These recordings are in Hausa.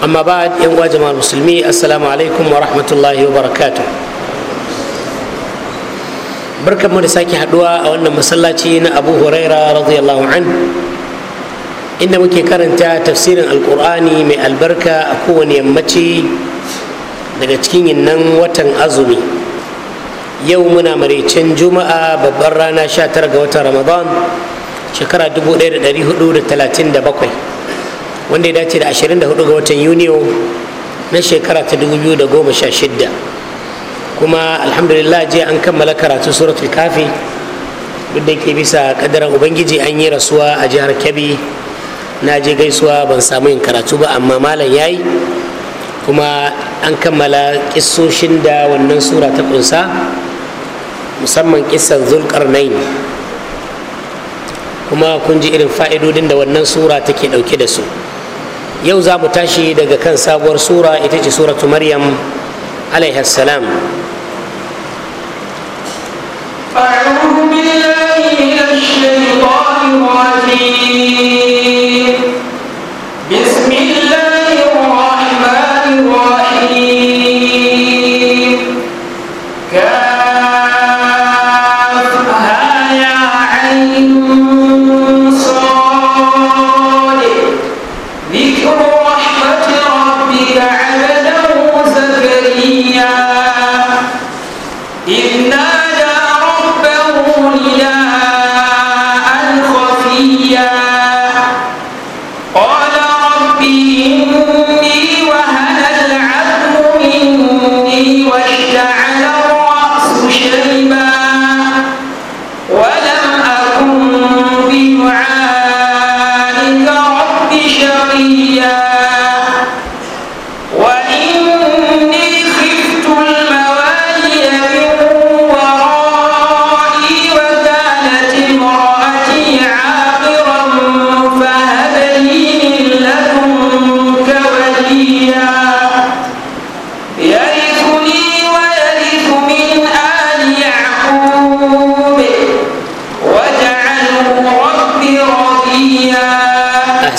amma ba yan uwa musulmi assalamu alaikum wa rahmatullahi wa barakatu barkanmu da sake haduwa a wannan masallaci na abu huraira radiyallahu an inda muke karanta tafsirin alkur'ani mai albarka a kowane yammaci daga cikin nan watan azumi yau muna maraicen juma'a babban rana 19 ga watan ramadan shekara 1437 wanda ya dace da 24 ga watan yuniyo na shekara ta 2016 kuma alhamdulillah jiya an kammala karatu suratul kafi duk da ke bisa kadaran ubangiji an yi rasuwa a jihar kebbi na je gaisuwa ban samu yin karatu ba amma malam ya yi. kuma an kammala kisoshin da wannan sura ta kunsa musamman kissan zulkarnain kuma kun ji irin fa'idodin da wannan sura take dauke da su yau za mu tashi daga kan sabuwar sura ita ce suratu maryam alaihi salam أعوذ بالله من الشيطان الرجيم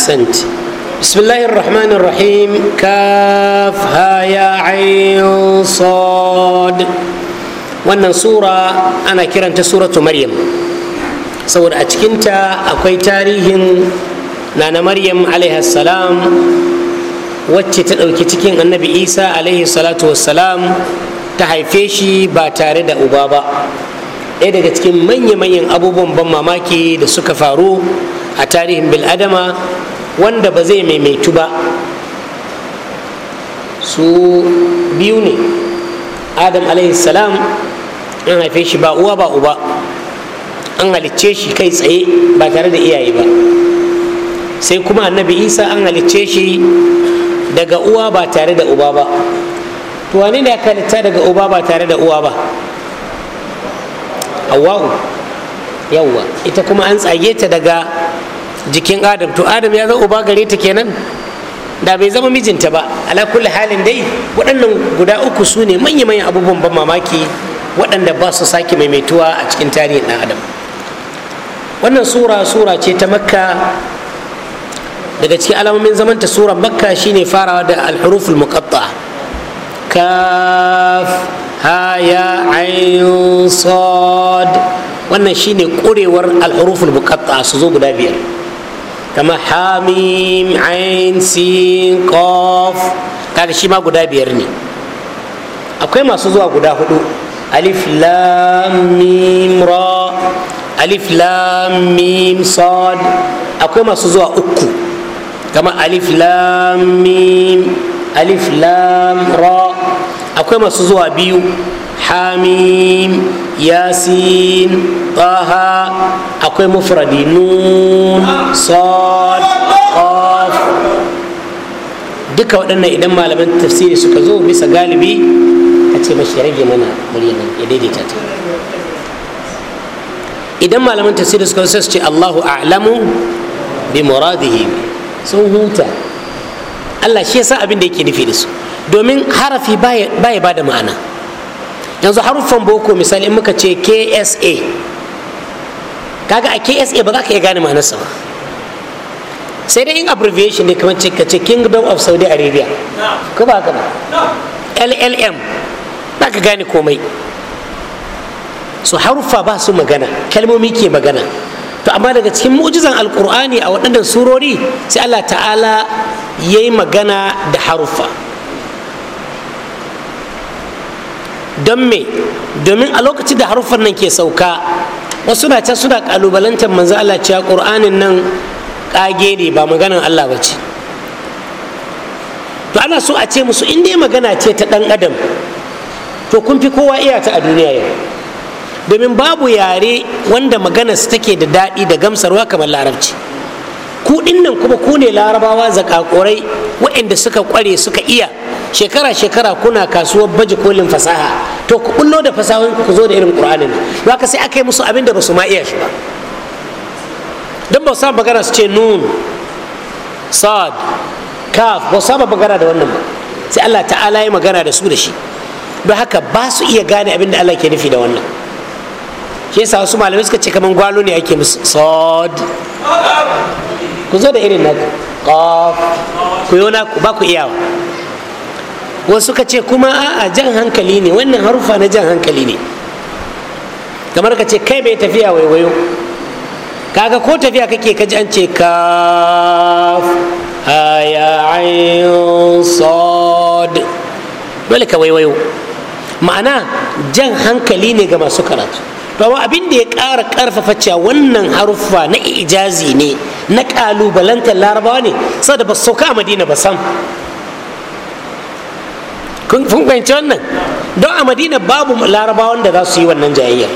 أحسنت بسم الله الرحمن الرحيم كاف ها يا عين صاد wannan sura ana kiranta suratu maryam saboda a cikinta akwai tarihin nana maryam salam wacce ta ɗauki cikin annabi isa salatu wassalam ta haife shi ba tare da uba ba ɗaya daga cikin manya-manyan abubuwan ban mamaki da suka faru a tarihin biladama wanda ba zai maimaitu ba su biyu ne adam salam an haife shi ba uwa ba uba an halicce shi kai tsaye ba tare da iyaye ba sai kuma annabi isa an halicce shi daga uwa ba tare da uba ba to wane ne aka halitta daga uba ba tare da uwa ba hawa'u yawwa ita kuma an tsage ta daga jikin adam to adam ya zama uba gare ta kenan da bai zama mijinta ba ala kulli halin dai waɗannan guda uku su ne manya-manyan abubuwan ban mamaki waɗanda ba su sake maimaituwa a cikin tarihin ɗan adam wannan sura sura ce ta makka daga cikin alamomin zamanta sura makka shine farawa da alhuruful muqatta kaf ha ya ain wannan shine ƙurewar alhuruful muqatta su zo guda biyar kamar hamim ain sin qaf kada ma guda biyar ne akwai masu zuwa guda huɗu. Ali lam mim ra alif lam akwai masu zuwa uku kamar alif lam mim alif lam akwai masu zuwa biyu hamim yasin taha akwai mufradi nun sad qaf duka waɗannan idan malaman tafsiri suka zo bisa galibi a ce mashi ya rage mana muryar ya daidaita ta idan malaman tafsiri suka zo su ce Allahu a'lamu bi muradihi sun huta Allah shi yasa abin da yake nufi da su domin harafi baya bada ma'ana yanzu haruffan boko misali in muka ce ksa kaga a ksa ba za ka iya gane ma'anarsa ba sai dai in abbreviation ne kamar ka ce kingdom of saudi arabia ko ba ka ba llm za ka gane komai su haruffa ba su magana kalmomi ke magana to amma daga cikin mu'jizan alkur'ani a waɗannan surori sai allah ta'ala ya yi magana da haruffa don me domin a lokacin da haruffan nan ke sauka wasu na can suna kalubalantar manzo Allah cewa qur'anin nan kage ne ba maganar Allah ba ce to ana so a ce musu in dai magana ce ta dan adam to kun fi kowa iya ta a duniya yau domin babu yare wanda magana su take da daɗi da gamsarwa kamar larabci kuɗin nan kuma ku ne larabawa zakakurai waɗanda suka kware suka iya shekara shekara kuna kasuwar baje kolin fasaha to ku kullo da fasahun ku zo da irin qur'ani ne haka sai aka yi musu abin da basu ma iya shi ba dan ba saba magana su ce nun sad kaf ba saba magana da wannan ba sai Allah ta'ala ya magana da su da shi don haka ba su iya gane abin da Allah ke nufi da wannan shi yasa wasu malamai suka ce kaman gwalo ne ake musu sad ku zo da irin naka qaf ku yona ba ku iyawa wasu ka ce kuma a'a jan hankali ne wannan harufa na jan hankali ne kamar ka ce kai bai tafiya waiwayo kaga ko tafiya kake kaji an ce kaf haya ayin sod dole ka waiwayo ma'ana jan hankali ne ga masu karatu to amma abin da ya ƙara ƙarfafa cewa wannan haruffa na ijazi ne na ƙalubalantar larabawa ne saboda ba sauka a madina ba sam kun fahimci wannan don a madina babu larabawan da za su yi wannan jayayya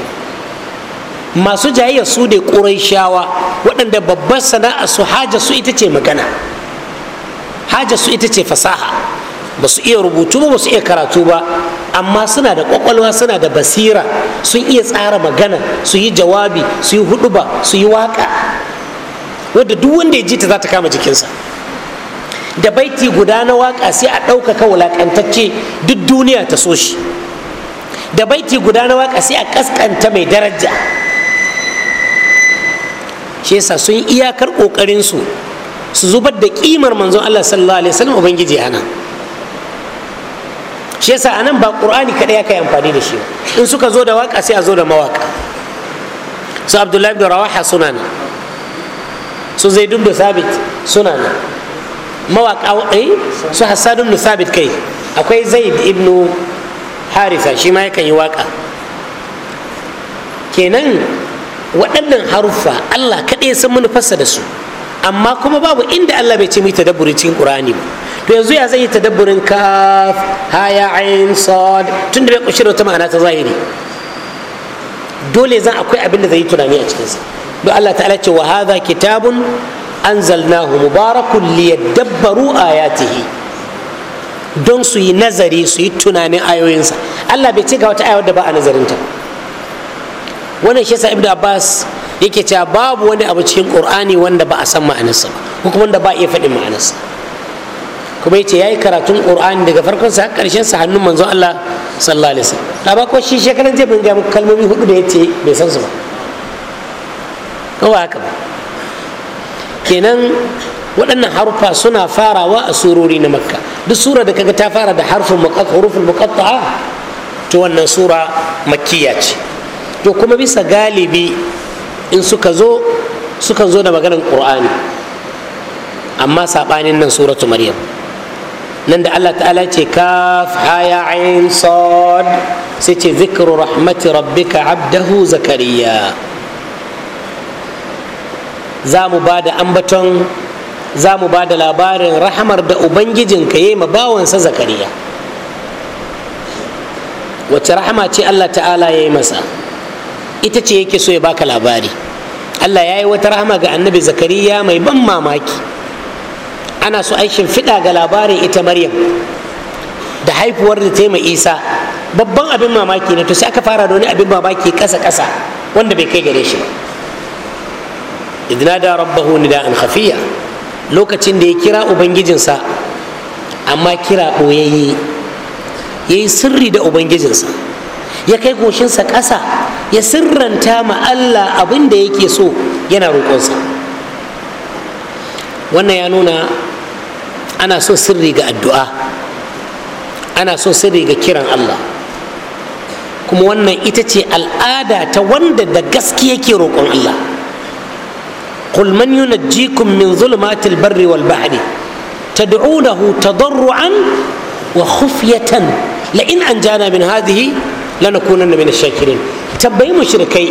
masu jayayya su ƙurai shawa waɗanda babbar sana'a su haja su ita ce magana haja su ita ce fasaha ba su iya rubutu ba ba su iya karatu ba amma suna da ƙwaƙwalwa suna da basira sun iya tsara magana su yi jawabi su yi huduba su yi waka wadda duk wanda ya ji ta za ta kama jikinsa da baiti guda na waka sai a ɗaukaka wulaƙantacce duk duniya ta so shi da baiti guda na waka sai a ƙasƙanta mai daraja shi yasa sun iyakar ƙoƙarinsu su zubar da ƙimar manzon Allah sallallahu alaihi wasallam ubangiji ana shi yasa anan ba ƙur'ani kaɗai aka yi amfani da shi in suka zo da waka sai a zo da mawaka su abdullahi bin rawaha suna nan su zaidun da sabit suna nan mawaƙa eh, su hassan ibn kai akwai zaid ibn harisa shi ma yakan yi waƙa kenan waɗannan haruffa allah kaɗai san fassa da su amma kuma babu inda allah bai ce mai yi tadabburi cikin ƙur'ani ba to yanzu ya zai yi tadabburin kaf haya ayin sad tun da bai ƙunshi da wata ma'ana ta zahiri dole zan akwai abin da zai yi tunani a cikinsa don allah ta'ala ce wa hadha kitabun anzalnahu mubarakun liyadabbaru ayatihi don su yi nazari su yi tunanin ayoyinsa Allah bai ce ga wata ayar da ba a nazarinta wannan shi yasa Ibnu Abbas yake cewa babu wani abu cikin Qur'ani wanda ba a san ma'anarsa ba ko kuma wanda ba a iya faɗin ma'anarsa kuma yace yayi karatun Qur'ani daga farkon sa karshen sa hannun manzon Allah sallallahu alaihi wasallam ba ko shi shekaran jiya mun ga kalmomi hudu da yace bai san su ba ko haka ba kenan waɗannan haruffa suna farawa a surori na makka duk sura da kaga ta fara da harfin hurufin muqatta'a to wannan sura makkiya ce to kuma bisa galibi in suka zo sukan zo da maganar ƙur'ani amma saɓanin nan suratu maryam nan da Allah ta'ala ce kaf haya ain sad sai ce zikru rahmati rabbika abdahu zakariya za mu ba da ambaton za mu ba da labarin rahamar da Ubangijin ka yi ma bawansa zakariya Wace rahama ce allah ta'ala ya yi masa ita ce yake so ya baka labari allah ya yi wata rahama ga annabi zakariya mai ban mamaki ana so aikin fida ga labarin ita maryam da haifuwar da ta isa babban abin mamaki ne to sai aka fara da wani abin mamaki kasa-kasa wanda bai kai gare shi ba idnada rabbahu nida'an khafiya lokacin da ya kira ubangijinsa amma kira ɓoyayye ya yi sirri da ubangijinsa ya kai goshinsa ƙasa ya sirranta ma allah abin da yake so yana roƙonsa wannan ya nuna ana so sirri ga addu'a ana so sirri ga kiran allah kuma wannan ita ce al'ada ta wanda da gaske yake roƙon allah قل من ينجيكم من ظلمات البر والبحر تدعونه تضرعا وخفية لئن أنجانا من هذه لنكونن من الشاكرين تبين مشركي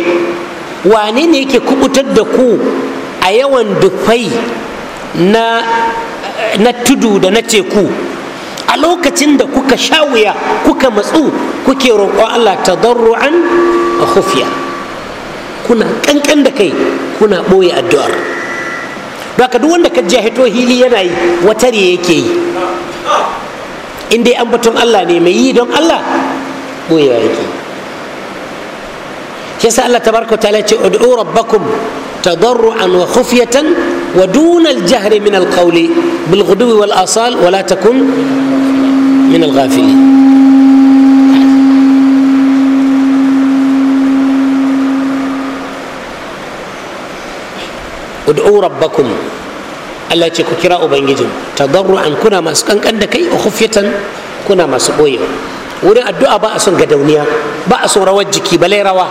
wane ne yake kubutar da ku a yawan dufai na, tudu da na teku a lokacin da kuka sha wuya kuka matsu kuke roƙon allah tadarru'an a kuna kankan da kai kuna ɓoye addu'ar baka duk wanda ka jahito hili yana yi watare yake yi in dai an batun Allah ne mai yi don Allah ɓoyewa yake shi yasa Allah tabaraka ta'ala ce ud'u rabbakum tadarruan wa khufyatan wa duna al-jahri min al-qawli bil wal asal wa la takun min al ud'u rabbakum Allah ce ku kira ubangijin tadarruan kuna masu kankan da kai khufyatan kuna masu boyewa wurin addu'a ba a son gadauniya ba a son rawar jiki balai rawa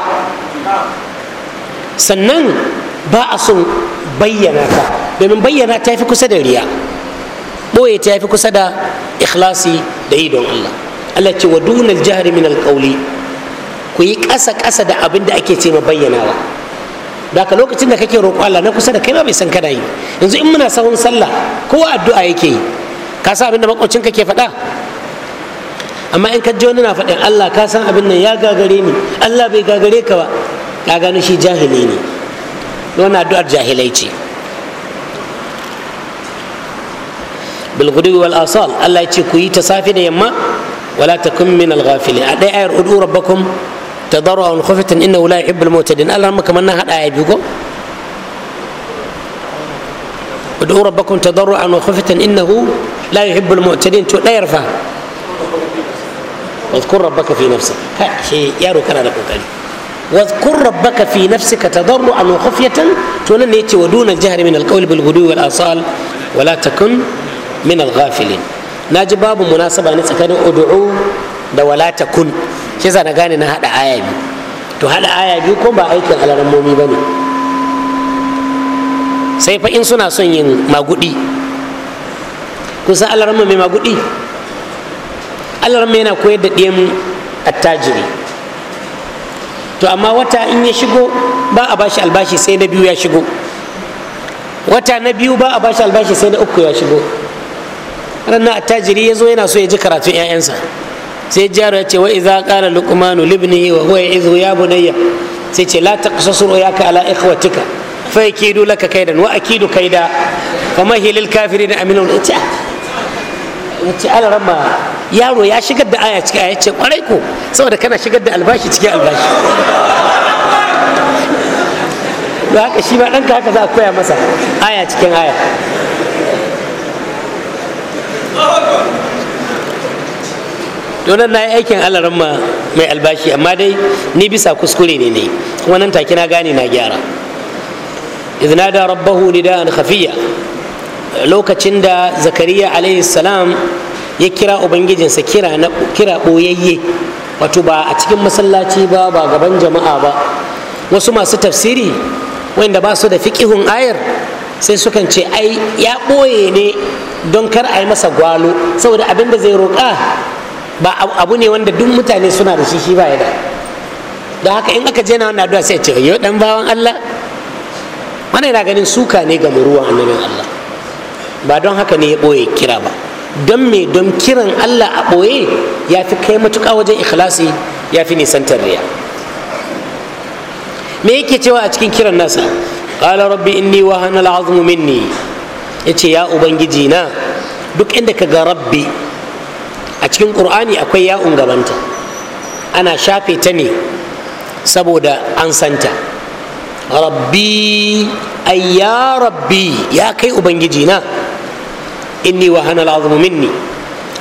sannan ba a son bayyana ta domin bayyana ta fi kusa da riya boye ta fi kusa da ikhlasi da yi don Allah Allah ce wa dunal jahri min alqawli ku yi ƙasa ƙasa da abin da ake ce ma bayyanawa da lokacin da kake roƙo Allah na kusa da kai ma bai san kana yi yanzu in muna sahun sallah kowa addu'a yake yi ka san abin da makocinka ke faɗa amma in ka ji wani na faɗin Allah ka san abin nan ya gagare ni Allah bai gagare ka ba ka gano shi jahili ne wannan addu'ar jahilai ce ta والآصال da yamma wala يما ولا تكن من a أدي أير أدعو ربكم تضرع خفة خفت إنه لا يحب المعتدين ألا ما كمان آية هذا عيب يقول ادعوا ربكم تضرعا وخفة إنه لا يحب المعتدين لا يرفع واذكر ربك في نفسك شيء يارو كان لكم كالي واذكر ربك في نفسك تضرعا وخفية تولن ودون الجهر من القول بالغدو والآصال ولا تكن من الغافلين ناجي باب مناسبة نسأل ادعوا ولا تكن shi yasa na gane na haɗa aya biyu to haɗa aya biyu ko ba aikin alarammomi ba ne sai fa in suna son yin magudi kun san alaramma mai magudi alaramma yana koyar da ɗiyan attajiri to amma wata in ya shigo ba a bashi albashi sai na biyu ya shigo wata na biyu ba a bashi albashi sai na uku ya shigo ranar attajiri ya zo yana so ya ji karatun 'ya'yansa sai Jihar ya ce wa iza kara lukumanu? libni wa huwa ya'idhu ya bunayya sai ce la taqsasu ru'yaka ala ikhwatika fa yakidu laka kaidan wa akidu kaida fama hi lil kafirin aminun ita ah. ala rama yaro ya shigar da aya cikin aya ce kwarai ko saboda kana shigar da albashi cikin albashi don haka shi ma ɗanka haka za a koya masa aya cikin aya donan na yi aikin alaramma mai albashi amma dai ni bisa kuskure ne ne wannan take na gane na gyara da rabbahu nida'an khafiya lokacin da zakariya alayhi salam ya kira ubangijinsa kira na kira boyayye wato ba a cikin masallaci ba ba gaban jama'a ba wasu masu tafsiri wanda ba su da fiƙihun ayar sai sukan ce ai ya ɓoye ne don kar a yi masa gwalo saboda abin da zai roƙa ba abu ne wanda duk mutane suna da shi shi ba ya da da haka in aka je na wannan addu'a sai ce yo dan bawan Allah wannan yana ganin suka ne ga ruwan annabin Allah ba don haka ne ya boye kira ba don me don kiran Allah a boye ya fi kai matuƙa wajen ikhlasi ya fi nisantar riya me yake cewa a cikin kiran nasa qala rabbi inni wahana al'azmu minni yace ya ubangiji na duk inda ka ga rabbi cikin ƙur'ani akwai ya'un gabanta ana shafe ta ne saboda an santa rabbi ay ya rabbi ya kai ubangiji na inni wa hana al'azmu minni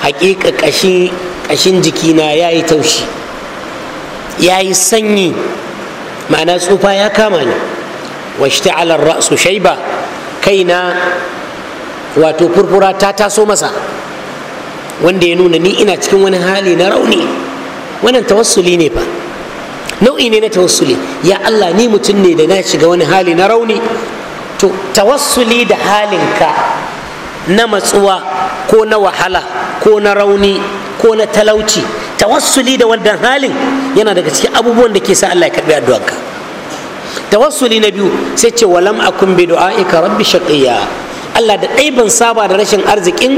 haƙiƙa ƙashin jikina ya yi taushi ya yi sanyi ma'ana tsufa ya kama ni wa shita'alar ra'su shaiba kaina wato furfura ta taso masa wanda ya nuna ni ina cikin wani hali na rauni wannan tawassuli ne fa nau'i ne na tawassuli ya Allah ni mutum ne da na shiga wani hali na rauni to tawassuli da halinka na matsuwa ko na wahala ko na rauni ko na talauci tawassuli da wannan halin yana daga cikin abubuwan da ke sa Allah ya karbi addu'arka tawassuli na biyu sai ce walam akun bi du'aika rabbi shaqiya Allah da ɗai ban saba da rashin arzikin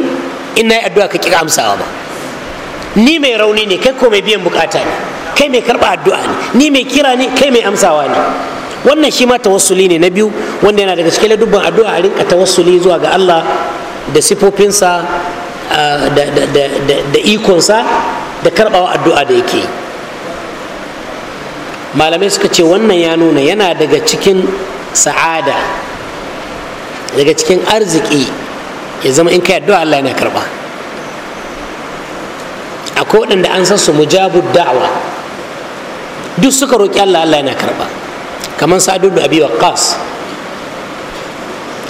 in na yi addu'a ka kira amsawa ba ni mai rauni ne kai ko mai biyan bukata ne kai mai karɓa addu'a ne ni mai kira ne kai mai amsawa ne wannan shi ma tawassuli ne na biyu wanda yana daga cikin dubban addu'a a rinka tawassuli zuwa ga Allah da sifofinsa da ikonsa da karɓawa addu'a da yake malamai suka ce wannan ya nuna yana daga cikin sa'ada daga cikin arziki ya zama in ka addu'a Allah yana karba akwai waɗanda an san su mujabu da'wa duk suka roƙi Allah Allah yana karba kamar sa'adu da abi waqas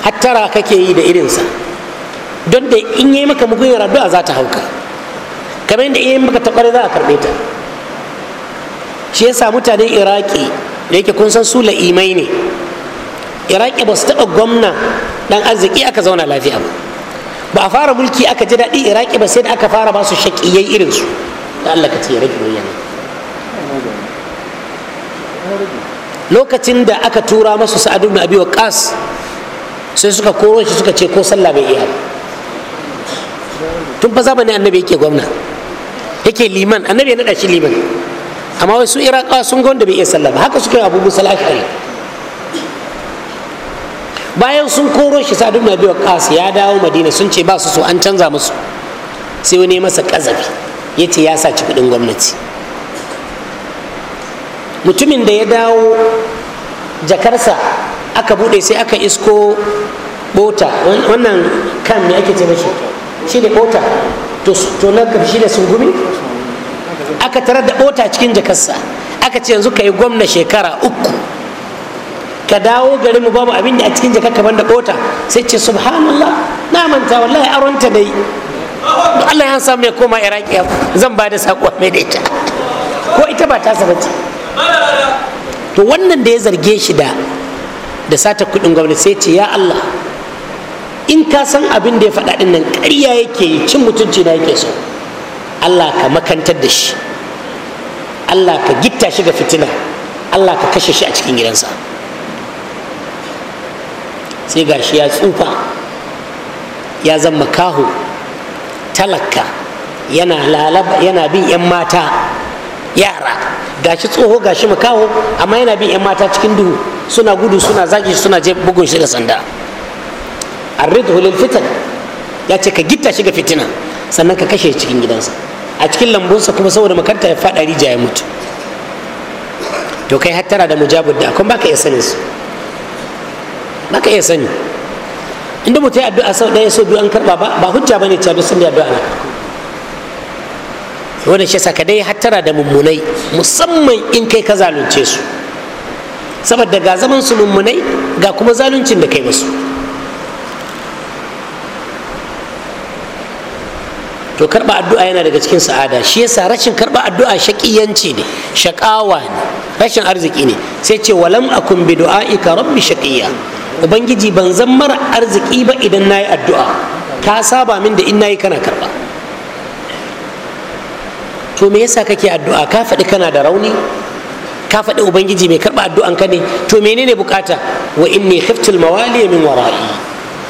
hattara kake yi da irinsa don da in yi maka mugunyar addu'a za ta hauka kamar yadda in yi maka taɓar za a karɓe ta shi yasa mutanen iraki da yake kun san su la'imai ne iraki ba su taɓa gwamna ɗan arziki aka zauna lafiya ba ba a fara mulki aka ji daɗi iraki ba sai da aka fara masu shaƙiyai irin su da allah ka ce ya rage bayyana lokacin da aka tura masu sa'adu na abi kas sai suka koro shi suka ce ko sallah bai iya tun fa zamanin annabi yake gwamna yake liman annabi ya naɗa shi liman amma wasu iraƙawa sun ga wanda bai iya sallah ba haka suka yi abubuwan sallah ashari bayan sun koro shi sadu na biyu kasu ya dawo madina sun ce ba su so an canza musu sai wani masa kazafi ya ce ya ci kudin gwamnati mutumin da ya dawo jakarsa aka bude sai aka isko bota wannan kan me ake ce mashi shi ne bota to na da sun sungumi aka tarar da bota cikin jakarsa aka ce yanzu ka yi gwamna shekara uku ka dawo gari mu babu abin da a cikin jaka kaman da kota sai ce subhanallah na manta wallahi aronta dai Allah ya samu ya koma iraki zan ba da sako mai da ita ko ita ba ta sabace to wannan da ya zarge shi da da sata kudin gwamnati sai ce ya Allah in ka san abin da ya faɗa ɗin nan ƙarya yake yi cin mutunci na yake so Allah ka makantar da shi Allah ka gitta shi ga fitina Allah ka kashe shi a cikin gidansa sai shi ya tsufa ya zama talaka yana lalaba yana bin 'yan mata yara gashi tsoho gashi makaho amma yana bin 'yan mata cikin duhu suna gudu suna zaki suna je bugun shi da sanda arridhu lil fitan ya ce ka gitta shi ga fitina sannan ka kashe cikin gidansa a cikin lambunsa kuma saboda makarta ya faɗa rija ya mutu to kai hattara da mujabud da kun baka iya sanin su naka ya iya sani inda mutum ya addu'a sau ɗaya sau biyu an karɓa ba ba hujja bane cewa duk sun da addu'a wannan shi saka dai hattara da mummunai musamman in kai ka zalunce su saboda ga zaman su mummunai ga kuma zaluncin da kai musu to karba addu'a yana daga cikin sa'ada shi yasa rashin karba addu'a shaƙiyanci ne shaƙawa ne rashin arziki ne sai ce walam akun bi du'aika rabbi shaqiya ubangiji ban zan mara arziki ba idan na yi addu'a ka saba min da in na yi kana karɓa to me yasa kake addu'a ka faɗi kana da rauni ka faɗi ubangiji mai karɓa addu'an ka ne to menene bukata wa in ne khiftul mawali min wara'i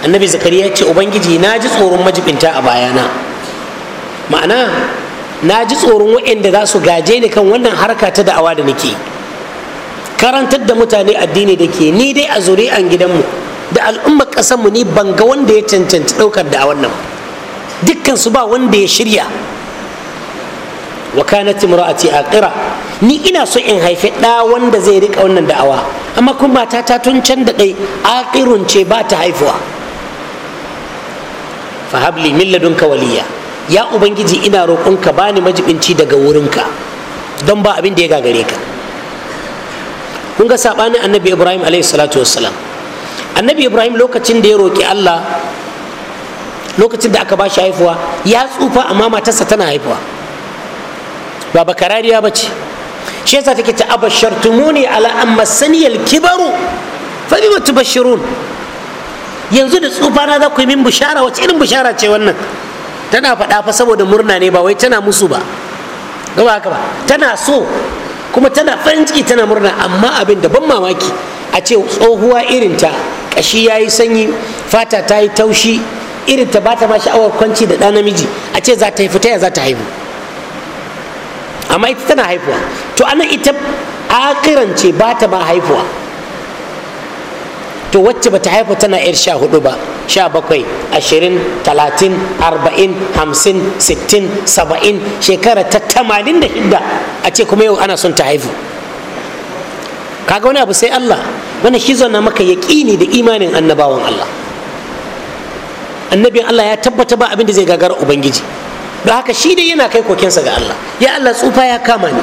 annabi zakariya ce ubangiji na ji tsoron majibinta a bayana ma'ana na ji tsoron waɗanda za su gaje ni kan wannan harka ta da'awa da nake karantar da mutane addini da ke ni dai a zuri an gidanmu da al'ummar ƙasarmu ni ban ga wanda ya cancanci ɗaukar da a wannan dukkan su ba wanda ya shirya wa kanat a aqira ni ina so in haifi ɗa wanda zai rika wannan da'awa amma kuma mata ta tun can da ɗai aqirun ce ba ta haifuwa fa habli min ladunka waliya ya ubangiji ina roƙonka bani majibinci daga wurinka don ba abin da ya gagare ka kun ga sabanin annabi ibrahim alaihi salatu wassalam annabi ibrahim lokacin da ya roki allah lokacin da aka ba shi haifuwa ya tsufa amma matarsa tana haifuwa ba bakarariya ba ce shi yasa take ta abashartumuni ala amma saniyal kibaru fa bima tubashirun yanzu da tsufa na za ku yi min bishara wace irin bishara ce wannan tana faɗa fa saboda murna ne ba wai tana musu ba ba haka ba tana so kuma tana farin ciki tana murna amma abin da ban mamaki a ce tsohuwa irinta kashi ya yi sanyi fata ta yi taushi irinta ba ta ma sha'awar kwanci da ɗa namiji a ce za ta haifu ta ya za ta haihu amma ita tana haifuwa to ana ita akiran ce ba ta ma haifuwa to wacce bata haifa tana yar sha hudu ba sha bakwai ashirin talatin arba'in hamsin sittin saba'in shekara ta tamanin da hidda a ce kuma yau ana son ta haifu kaga wani abu sai allah wani shi zauna maka yaƙini da imanin annabawan allah annabin allah ya tabbata ba abin da zai gagara ubangiji da haka shi dai yana kai kokensa ga Allah ya Allah tsufa ya kama ni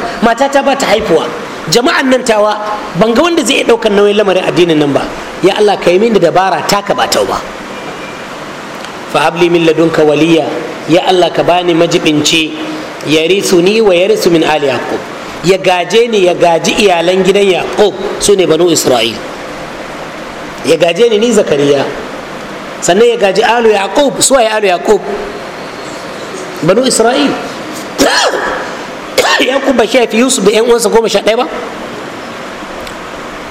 ta ba ta haifuwa jama'an nan tawa ban ga wanda zai iya ɗaukar nauyin lamarin addinin nan ba ya Allah kai min da dabara taka ba tauba fa habli min ladunka waliya ya Allah ka bani majibinci ya ni wa ya risu min ali yaqub ya gaje ni ya gaji iyalan gidan yaqub su ne banu isra'il ya gaje ni ni zakariya sannan ya gaji alu yaqub su alu yaqub banu isra'il ku ba shi yusuf da yan uwansa goma sha ɗaya ba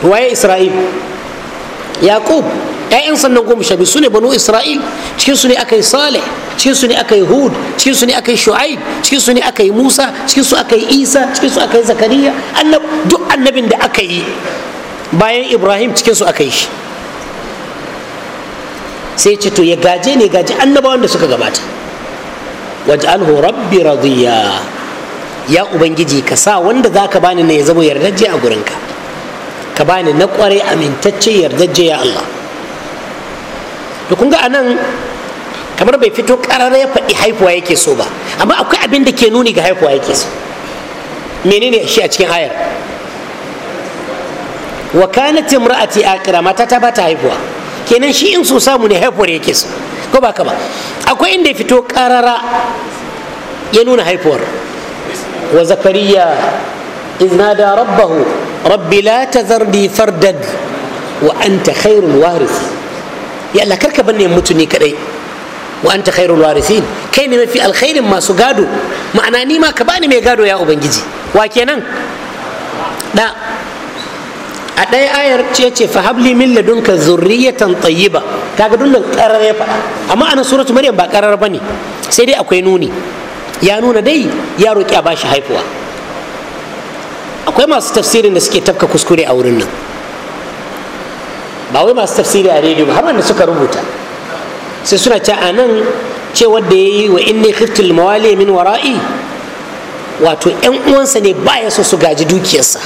waye isra'il yakub ‘ya'yan sannan goma sha biyu su ne banu isra'il cikin su ne aka yi saleh cikin su ne aka yi hud cikin su ne aka yi shu'aib cikin su ne aka yi musa cikin su aka yi isa cikin su aka yi zakariya duk annabin da aka yi bayan ibrahim cikin su aka yi shi sai ce to ya gaje ne gaje annabawan da suka gabata waj'alhu rabbi radiya ya ubangiji ka sa wanda zaka bani ne ya zama yardajje a gurinka ka bani na kwarai amintacce yardajje ya Allah to kun ga anan kamar bai fito karara ya faɗi haifuwa yake so ba amma akwai abin da ke nuni ga haifuwa yake so menene shi a cikin ayar wa kanat imra'ati aqira mata ta bata haifuwa kenan shi in so samu ne haifuwar yake so ko ba ka ba akwai inda ya fito karara ya nuna haifuwar wa zakariya iznada rabbahu rabbi la tazarni fardan wa anta khairul waris ya Allah karka banne mutu ni kadai wa anta khairul warisin kai ne mafi alkhairin masu gado ma'ana ni ma ka bani mai gado ya ubangiji wa kenan da a ɗaya ayar ce ce fa habli min ladunka zurriyatan tayyiba kaga dukkan karar ya amma anan suratu maryam ba karar bane sai dai akwai nuni ya nuna dai ya roki a bashi haifuwa akwai masu tafsirin da suke tafka kuskure a wurin nan ba wai masu tafsiri a rediyo ba har wanda suka rubuta sai suna ce a nan ce wanda ya yi wa inni khiftul mawali min wara'i wato yan uwansa ne baya so su gaji dukiyarsa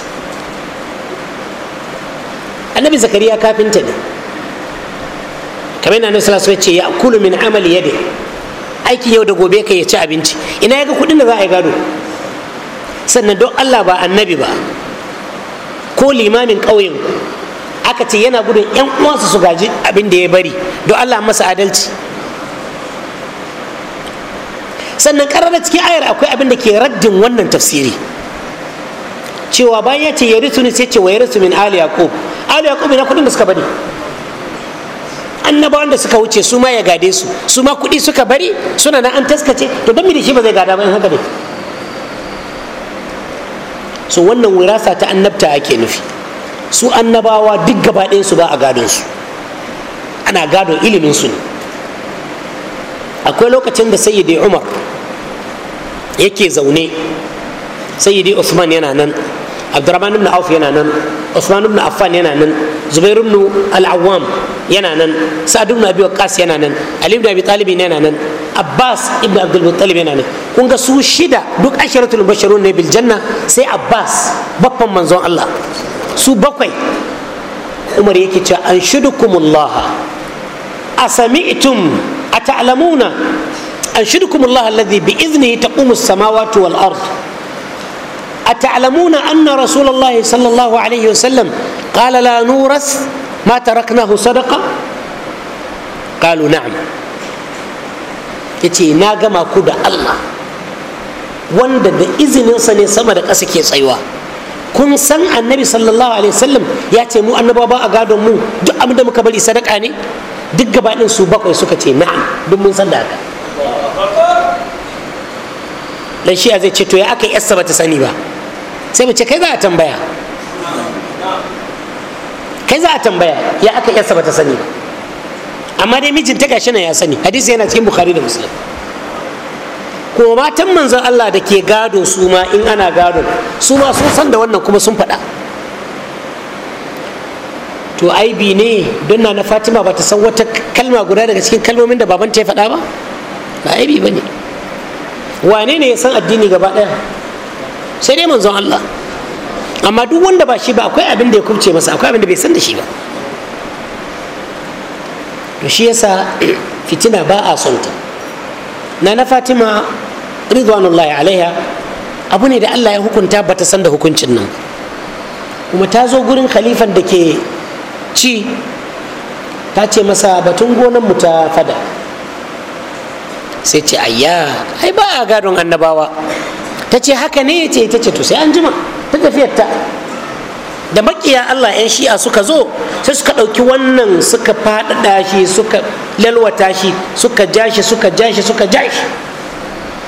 annabi zakariya kafinta ne kamar yana nasu su ce ya kulu min amali yade aikin yau da gobe ka ya ci abinci ina yaga ga kuɗin da za a yi gado sannan don allah ba annabi ba ko limamin ƙauyen aka ce yana gudun yan uwansa su gaji abin da ya bari don allah masa adalci sannan ƙarar cikin ayar akwai abin da ke raddin wannan tafsiri cewa bayan ya ce yarisu ne sai ce wa yarisu min ali yaqub ali yaqub ina kudin da suka bari annabawan da suka wuce su ma ya gade su su ma kudi suka bari suna nan an taskace to don me shi ba zai gada ba in haka ne so wannan wirasa ta annabta ake nufi su annabawa duk gaba su ba a gadon su ana gadon ilimin su ne akwai lokacin da sayyidi umar yake zaune sayyidi usman yana nan abdurrahman ibn auf yana nan usman ibn affan yana nan zubair ibn al-awwam yana nan sa'ad ibn abi waqqas yana nan ali ibn abi talib yana nan abbas ibn abdul muttalib yana nan kun ga su shida duk asharatul basharun ne bil janna sai abbas babban manzon Allah su bakwai umar yake cewa an shudukumullah asami'tum ata'lamuna an shudukumullah alladhi bi idnihi taqumu as-samawati wal ard أتعلمون أن رسول الله صلى الله عليه وسلم قال لا نورث ما تركناه صدقة قالوا نعم yace na gama ku da Allah wanda da izininsa ne sama da ƙasa ke tsayuwa kun san annabi sallallahu alaihi wasallam ya ce mu annabawa ba a gadon mu duk abinda da muka bari sadaka ne duk gabaɗin su bakwai suka ce na'am duk mun san da haka dan shi zai ce to ya aka yi yassa sani ba sai mu ce kai za a tambaya kai za a tambaya ya aka yarsa bata sani ba amma dai mijin ta gashi na ya sani hadisi yana cikin bukhari da muslim ko matan manzon Allah da ke gado su ma in ana gado su ma sun san da wannan kuma sun faɗa to aibi ne don na fatima ba ta san wata kalma guda daga cikin kalmomin da babanta ya faɗa ba ba aibi ba ne wane ne ya san addini gaba ɗaya sai dai manzon Allah amma duk wanda ba shi ba akwai abin da ya kubce masa akwai abin da bai san da shi ba to shi yasa fitina ba a son na na fatima ridwanullahi alaiha abu ne da Allah ya hukunta ba ta san da hukuncin nan kuma ta zo gurin khalifan da ke ci ta ce masa batun gonan mu ta fada sai ce ayya ai ba a gadon annabawa ta ce haka ne ya ce ita ce to sai an jima ta tafiyar ta da makiya Allah 'yan shi'a suka zo sai suka ɗauki wannan suka faɗaɗa shi suka lalwata shi suka ja shi suka ja shi suka ja shi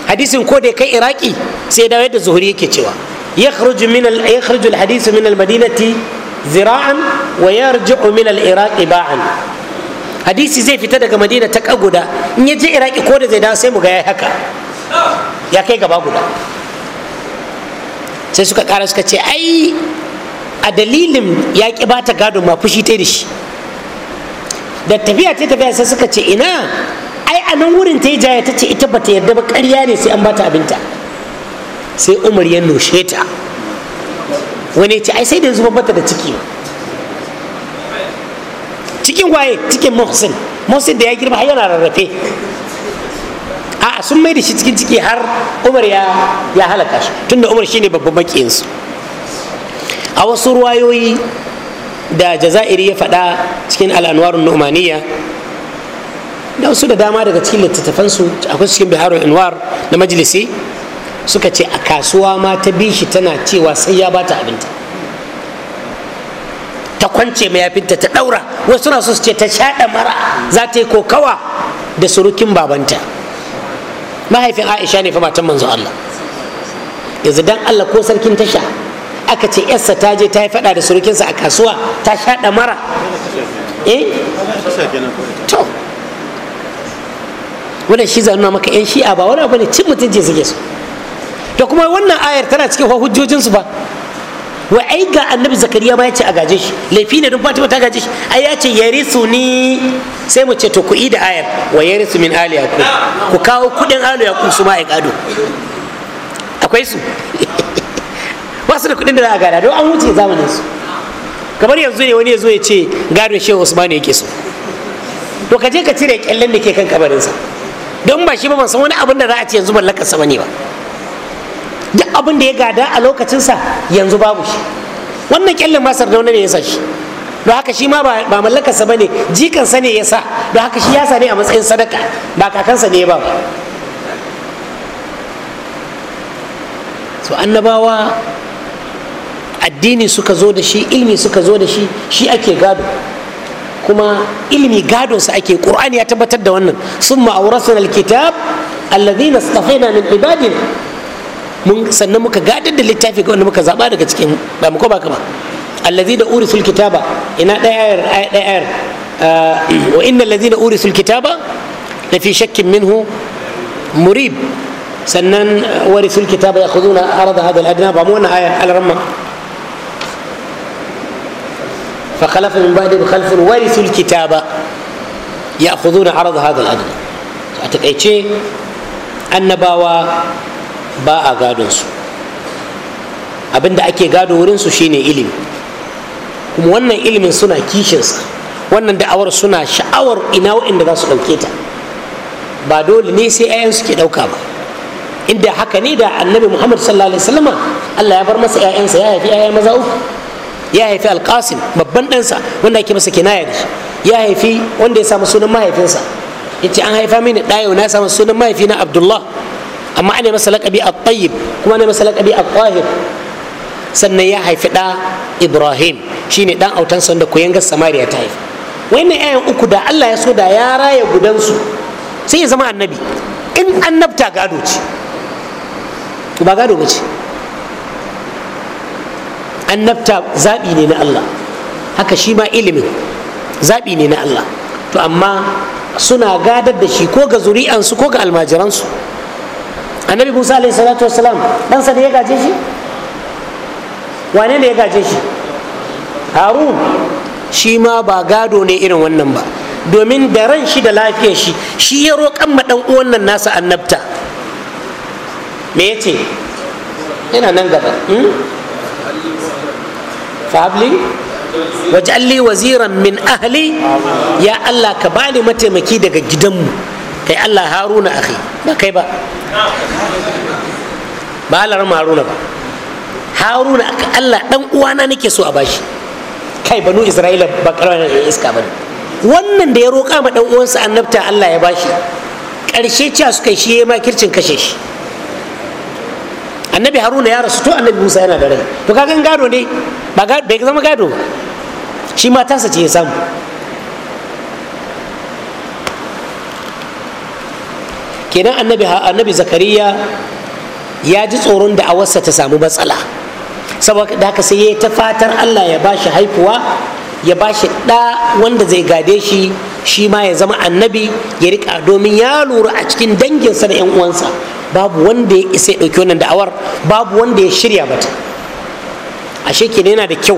hadisin ko da kai iraki sai da yadda zuhuri yake cewa يخرج من ال... يخرج madinati zira'an wa ذراعا ويرجع من العراق ba'an? hadisi zai fita daga madina ta kaguda in ya je iraki ko da zai dawo sai mu ga ya haka ya kai gaba guda sai suka kara suka ce ai a dalilin ya ki ba ta gado ma fushi ta da shi da tafiya ta tafiya sai suka ce ina ai a nan wurin ta yi jaya ta ce ita bata yarda ba karya ne sai an ba ta abinta sai umar ya noshe ta wani ce ai sai da zuba bata da ciki cikin waye cikin muhsin muhsin da ya girma yana rarrafe a'a sun mai da shi cikin ciki har umar ya ya halaka shi tunda umar shi ne babban makiyinsu a wasu ruwayoyi da jaza'iri ya faɗa cikin al'anwarun nu'maniya da wasu da dama daga cikin littattafansu akwai cikin biharun anwar na majalisi suka ce a kasuwa ma ta bi shi tana cewa sai ya bata abinta ta kwance mayafinta ta ɗaura wasu na su ce ta shaɗa mara za ta yi kokawa da surukin babanta mahaifin aisha ne fa matan manzo allah yanzu dan allah ko sarkin tasha aka ce yarsa ta je ta yi fada da surukinsa a kasuwa ta sha mara eh to wanda shi nuna maka yan shi'a ba wani abu ne cin mutunci suke su to kuma wannan ayar tana cikin hujjojin su ba wa ai ga annabi zakariya ma ya a gaje shi laifi ne don fatima ta gaje shi ai ya ce yarisu ni sai mu ce to ku da ayar wa yarisu min ali yaqub ku kawo kudin ali yaqub su ma ai gado akwai su ba su da kudin da za a gada don an wuce zamanin su kamar yanzu ne wani ya zo ya ce gadon shehu usman yake so to ka je ka cire kyallen da ke kan kabarinsa don ba shi ba ban san wani abin da za a ce yanzu mallakar sama ne ba duk abin da ya gada a lokacinsa yanzu babu shi wannan kyallin masar da ne ya sa shi don haka shi ma ba mallakarsa ba ne jikansa ne ya sa don haka shi ya sa ne a matsayin sadaka ba kakansa ne ya ba so annabawa addini suka zo da shi ilmi suka zo da shi shi ake gado kuma ilmi gadonsa ake ƙur'ani ya tabbatar da wannan summa aurasuna alkitab alladhina istafina min ibadina mun sannan muka gadar da littafi ga wanda muka zaba daga cikin ba mu ko baka ba allazi da urisul kitaba ina dayar ayar wa inna allazina urisul kitaba la fi shakkin minhu murib sannan warisul kitaba yakhuduna arada hada al-adna ba mu wannan ayar al-ramma فخلف من بعدهم خلف ورثوا الكتاب ياخذون عرض هذا الادنى a takaice annabawa ba a abin da ake gado wurin su shine ilimi kuma wannan ilimin suna kishinsa wannan da'awar suna sha'awar ina inda za su ɗauke ta ba dole ne sai 'ya'yan suke ɗauka ba inda haka ne da annabi muhammad sallallahu alaihi wasallama allah ya bar masa 'ya'yansa ya haifi 'ya'ya maza uku ya haifi alkasim babban ɗansa wanda ake masa kinaya da ya haifi wanda ya samu sunan mahaifinsa ya an haifa mini ɗayo na samu sunan mahaifina abdullah amma ana masa laƙabi a tayyib kuma ana masa laƙabi a ƙwahir sannan ya haifi ɗa ibrahim shine ɗan autan sanda kuyangar samariya ta haifi wannan 'ya'yan uku da allah ya so da ya raya gudansu sai ya zama annabi in annabta gado ce ba gado ba ce annabta zaɓi ne na allah haka shi ma ilimin zaɓi ne na allah to amma suna gadar da shi ko ga zuri'ansu ko ga almajiransu annabi musa alaihi salatu wasalam sa da ya gaje shi wane ne ya gaje shi harun shi ma ba gado ne irin wannan ba domin da ran shi da lafiyar shi shi ya roƙan ma dan uwan nan nasa annabta me ya ce nan gaba hmm? fahabli waj'alli waziran min ahli ya allah ka bani mataimaki daga gidanmu kai Allah haruna akhi ba kai ba ba Allah ran haruna ba haruna Allah dan uwana nake so a bashi kai banu isra'ila ba karwana da iska bane wannan da ya roƙa ma dan uwansa annabta Allah ya bashi ƙarshe cewa suka shi ya makircin kashe shi annabi haruna ya rasu to annabi musa yana da rai to kagan gado ne ba bai zama gado shi ta ce ya samu kenan annabi annabi zakariya ya ji tsoron da awarsa ta samu matsala saboda haka sai ya ta fatar allah ya ba shi haifuwa ya ba shi ɗa wanda zai gade shi shi ma ya zama annabi ya rika domin ya lura a cikin danginsa da 'yan uwansa babu wanda ya isa ya ɗauki wannan da'awar babu wanda ya shirya bata ashe kenan yana da kyau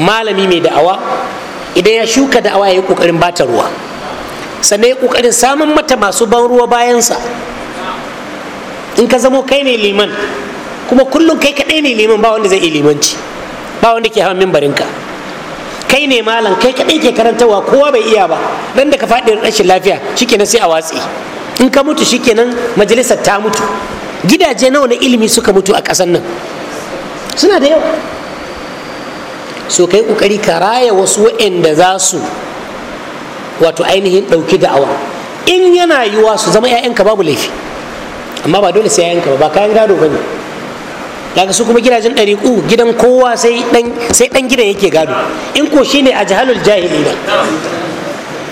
malami mai da'awa idan ya shuka da'awa ya yi ƙoƙarin bata ruwa sannan ya ƙoƙarin samun mata masu ban ruwa bayansa in ka zamo kai ne liman kuma kullum kai kaɗai ne liman ba wanda zai iya limanci ba wanda ke hawan mimbarinka kai ne malam kai kaɗai ke karantarwa kowa bai iya ba dan da ka faɗi rashin lafiya shikenan sai a watsi in ka mutu shikenan majalisar ta mutu gidaje nawa na ilimi suka mutu a ƙasar nan suna da yawa so kai ƙoƙari ka raya wasu waɗanda za su wato ainihin ɗauki da'awa in yana yiwuwa su zama 'ya'yanka babu laifi amma ba dole sai 'ya'yanka ba ba kayan gado ba ne daga su kuma gidajen ɗariƙu gidan kowa sai ɗan gidan yake gado in ko shi ne a jihalul jahili ba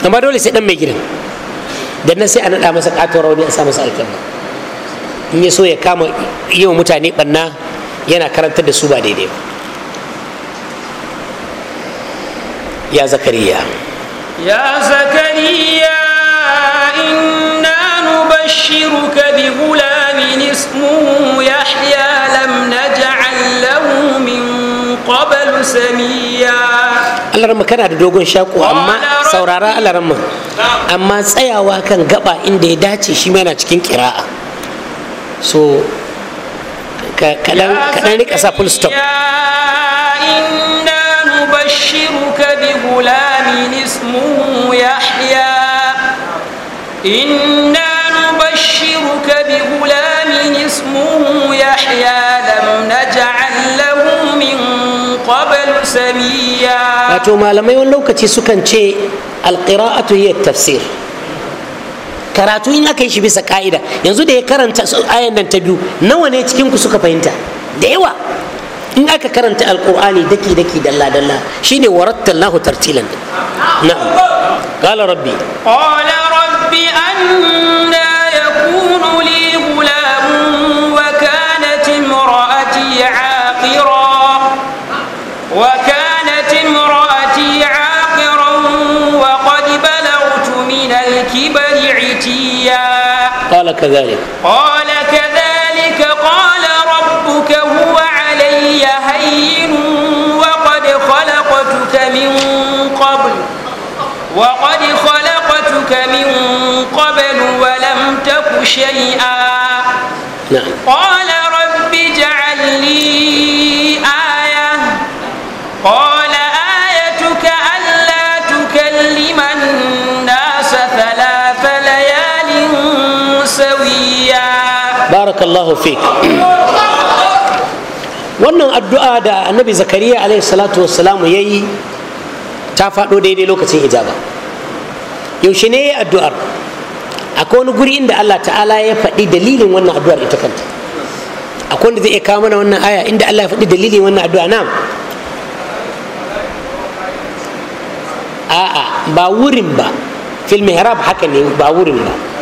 amma dole sai ɗan mai gidan da nan sai a naɗa masa ƙaton rauni a sa masa alƙalma in ya so ya kama yi wa mutane ɓanna yana karantar da su ba daidai ba ya zakariya يا زكريا إنا نبشرك بغلام اسمه يحيى لم نجعل له من قبل سميا alarma kana da dogon shaku amma saurara alarma amma tsayawa kan gaba inda ya dace shi yana cikin kira'a so kaɗan rika sa full stop نبشرك بغلام اسمه يحيى إنا نبشرك بغلام اسمه يحيى لم نجعل له من قبل سميا wato malamai wani lokaci sukan ce alƙira'atu yi tafsir karatu in aka yi shi bisa ƙa'ida yanzu da ya karanta ayan nan ta biyu nawa ne cikinku suka fahimta da yawa in aka karanta alqur'ani daki daki dalla dalla shine warattallahu tartilan na'am qala rabbi qala rabbi anna yakunu li ghulam wa kanat imraati aqira wa kanat imraati aqira wa qad balagtu min al-kibri itiya qala kadhalik qala kadhalik qala rabbuka huwa هي هين وقد خلقتك من قبل وقد خلقتك من قبل ولم تك شيئا نعم. قال رب اجعل لي آية قال آيتك ألا تكلم الناس ثلاث ليال سويا بارك الله فيك wannan addu'a da annabi zakariya alaihi salatu wasalamu ya yi ta faɗo daidai lokacin ijaba yaushe ne ya addu'ar akwai wani guri inda allah ta'ala ya faɗi dalilin wannan addu'ar ita kanta akwai wanda zai iya kawo mana wannan aya inda allah ya faɗi dalilin wannan addu'a na a'a ba wurin ba fil mihrab haka ne ba wurin ba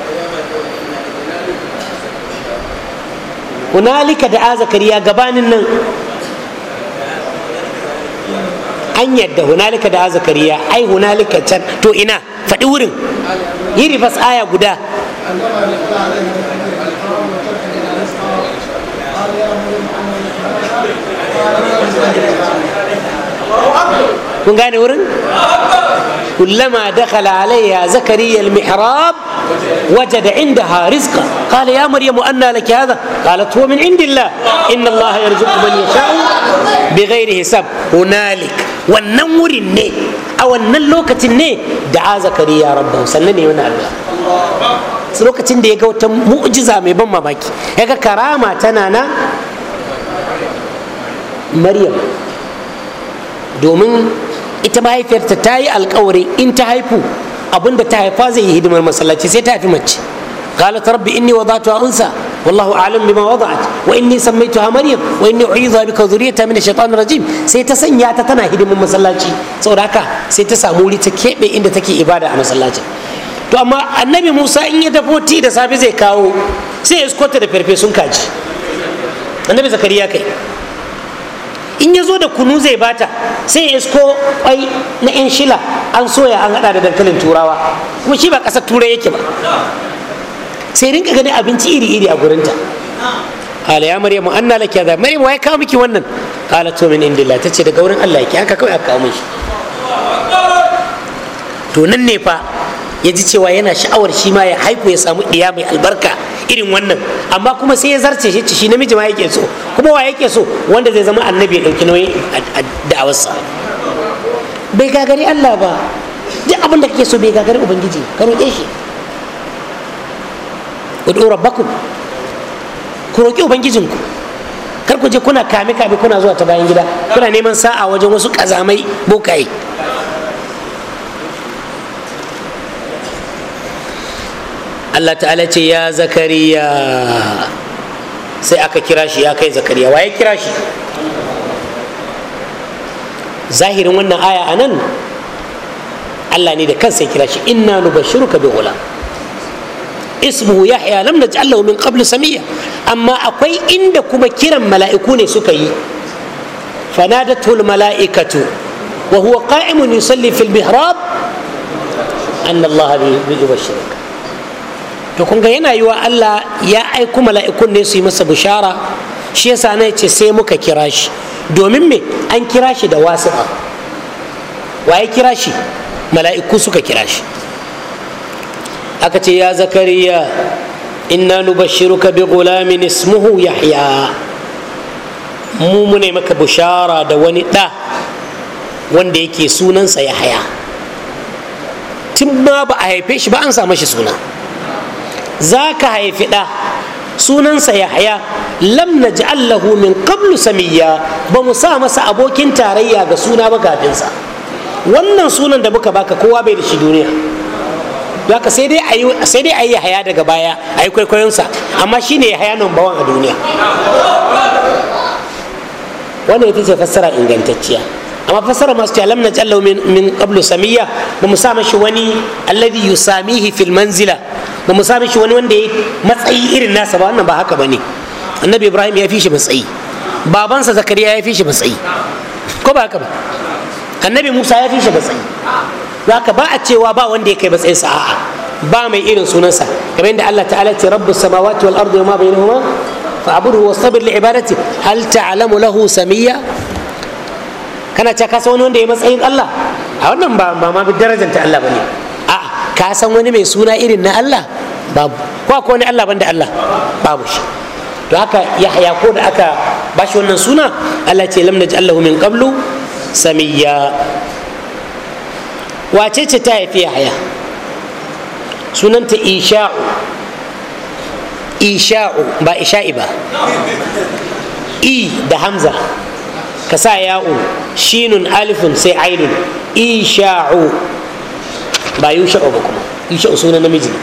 hunalika da azakariya gabanin nan an yadda hunalika da azakariya ai hunalika can to ina faɗi wurin yi aya guda kun gane wurin kullama da alayya zakariya al-mihrab وجد عندها رزقا قال يا مريم أنى لك هذا قالت هو من عند الله إن الله يرزق من يشاء بغير حساب هنالك والنور الني أو النلوكة الني دعا زكريا ربه سنني من الله lokacin da ya ga wata mu'jiza mai ban mamaki ya ga karama tana na maryam domin ita mahaifiyarta ta yi alkawari in ta haifu abinda ta haifa zai yi hidimar masallaci sai ta haifi mace qalat rabbi in inni wadatu unsa wallahu a'lam bima wada'at wa inni sammaytuha maryam wa inni u'idha bika dhurriyyata min ash-shaytan rajim sai ta sanya ta tana hidimar masallaci saboda haka sai ta samu wuri ta kebe inda take ibada a masallacin to amma annabi Musa in ya dafo ti da safe zai kawo sai ya da farfesun kaji annabi ya kai in ya zo da kunu zai bata sai ya isko kwai na yan shila an soya an hada da dankalin turawa kuma shi ba kasar turai yake ba sai rinka gani abinci iri iri a gurinta قال Maryamu مريم أن لك هذا مريم kawo miki wannan kala من عند الله تتشي daga wurin Allah yake haka kawai aka kawo shi to nan ne fa ya ji cewa yana sha'awar shi ma ya haiku ya samu iya mai albarka irin wannan amma kuma sai ya zarce shi shi namiji ma yake so kuma wa yake so wanda zai zama annabi ya ɗauki nauyin da'awarsa bai gagari Allah ba duk abin da kake so bai gagari ubangiji ka roƙe shi ud'u rabbakum ku roƙi ubangijinku kar ku je kuna kame kame kuna zuwa ta bayan gida kuna neman sa'a wajen wasu ƙazamai bokaye Allah ta'ala ce ya zakariya sai aka kira shi ya kai zakariya waye kira shi zahirin wannan aya a nan Allah ne da kansa ya kira shi inna nubashiruka bi ghulam ismuhu yahya lam naj'al lahu min qabl samiya amma akwai inda kuma kiran mala'iku ne suka yi fanadatu al mala'ikatu wa huwa qa'imun yusalli fil mihrab anna Allah bi yubashiruka to kun ga yana yiwa Allah ya aiko mala'ikun ne su yi masa bishara shi yasa na ce sai muka kira shi domin me an kira shi da wasu'a waye kira shi mala'iku suka kira shi aka ce ya zakariya inna nubashshiruka bi ghulamin ismuhu yahya mu mune maka bishara da wani ɗa wanda yake sunansa yahya tun ba ba a haife shi ba an sa shi suna za ka haifi ɗa sunansa yahaya lam ji allahu min qablu samiyya ba mu sa masa abokin tarayya ga suna ba kafinsa wannan sunan da muka baka kowa bai da shi duniya haka sai dai ayi sai dai ayi daga baya ayi kwaikwayonsa amma shine yahaya nan bawan a duniya wannan ita ce fassara ingantacciya أما فسر ما لم نجعله من من قبل سمية بمسامة شواني الذي يساميه في المنزلة بمسامة شواني وندي مسعي إير الناس بأن بها كباني النبي إبراهيم يفيش مسعي بابان زكريا يفيش مسعي كو بها كبا النبي موسى يفيش مسعي لك با أتي وابا وندي كي بس إنساء با مي إير سونسا كما إن الله تعالى رب السماوات والأرض وما بينهما فعبره واصطبر لعبادته هل تعلم له سمية kana cewa ka san wani wanda ya matsayin Allah a wannan ba ba ma darajar ta Allah bane a ka san wani mai suna irin na Allah babu ko akwai wani Allah banda Allah babu shi to haka Yahya ko da aka ba shi wannan suna Allah ce lam naj'alahu min qablu samiyya wace ce ta haifi Yahya sunanta Isha'u Isha'u ba Isha'i ba I e da Hamza ka sa ya'un shinun alifun sai ainun isha'u ba yusha'u ba kuma yusha'u suna namiji ne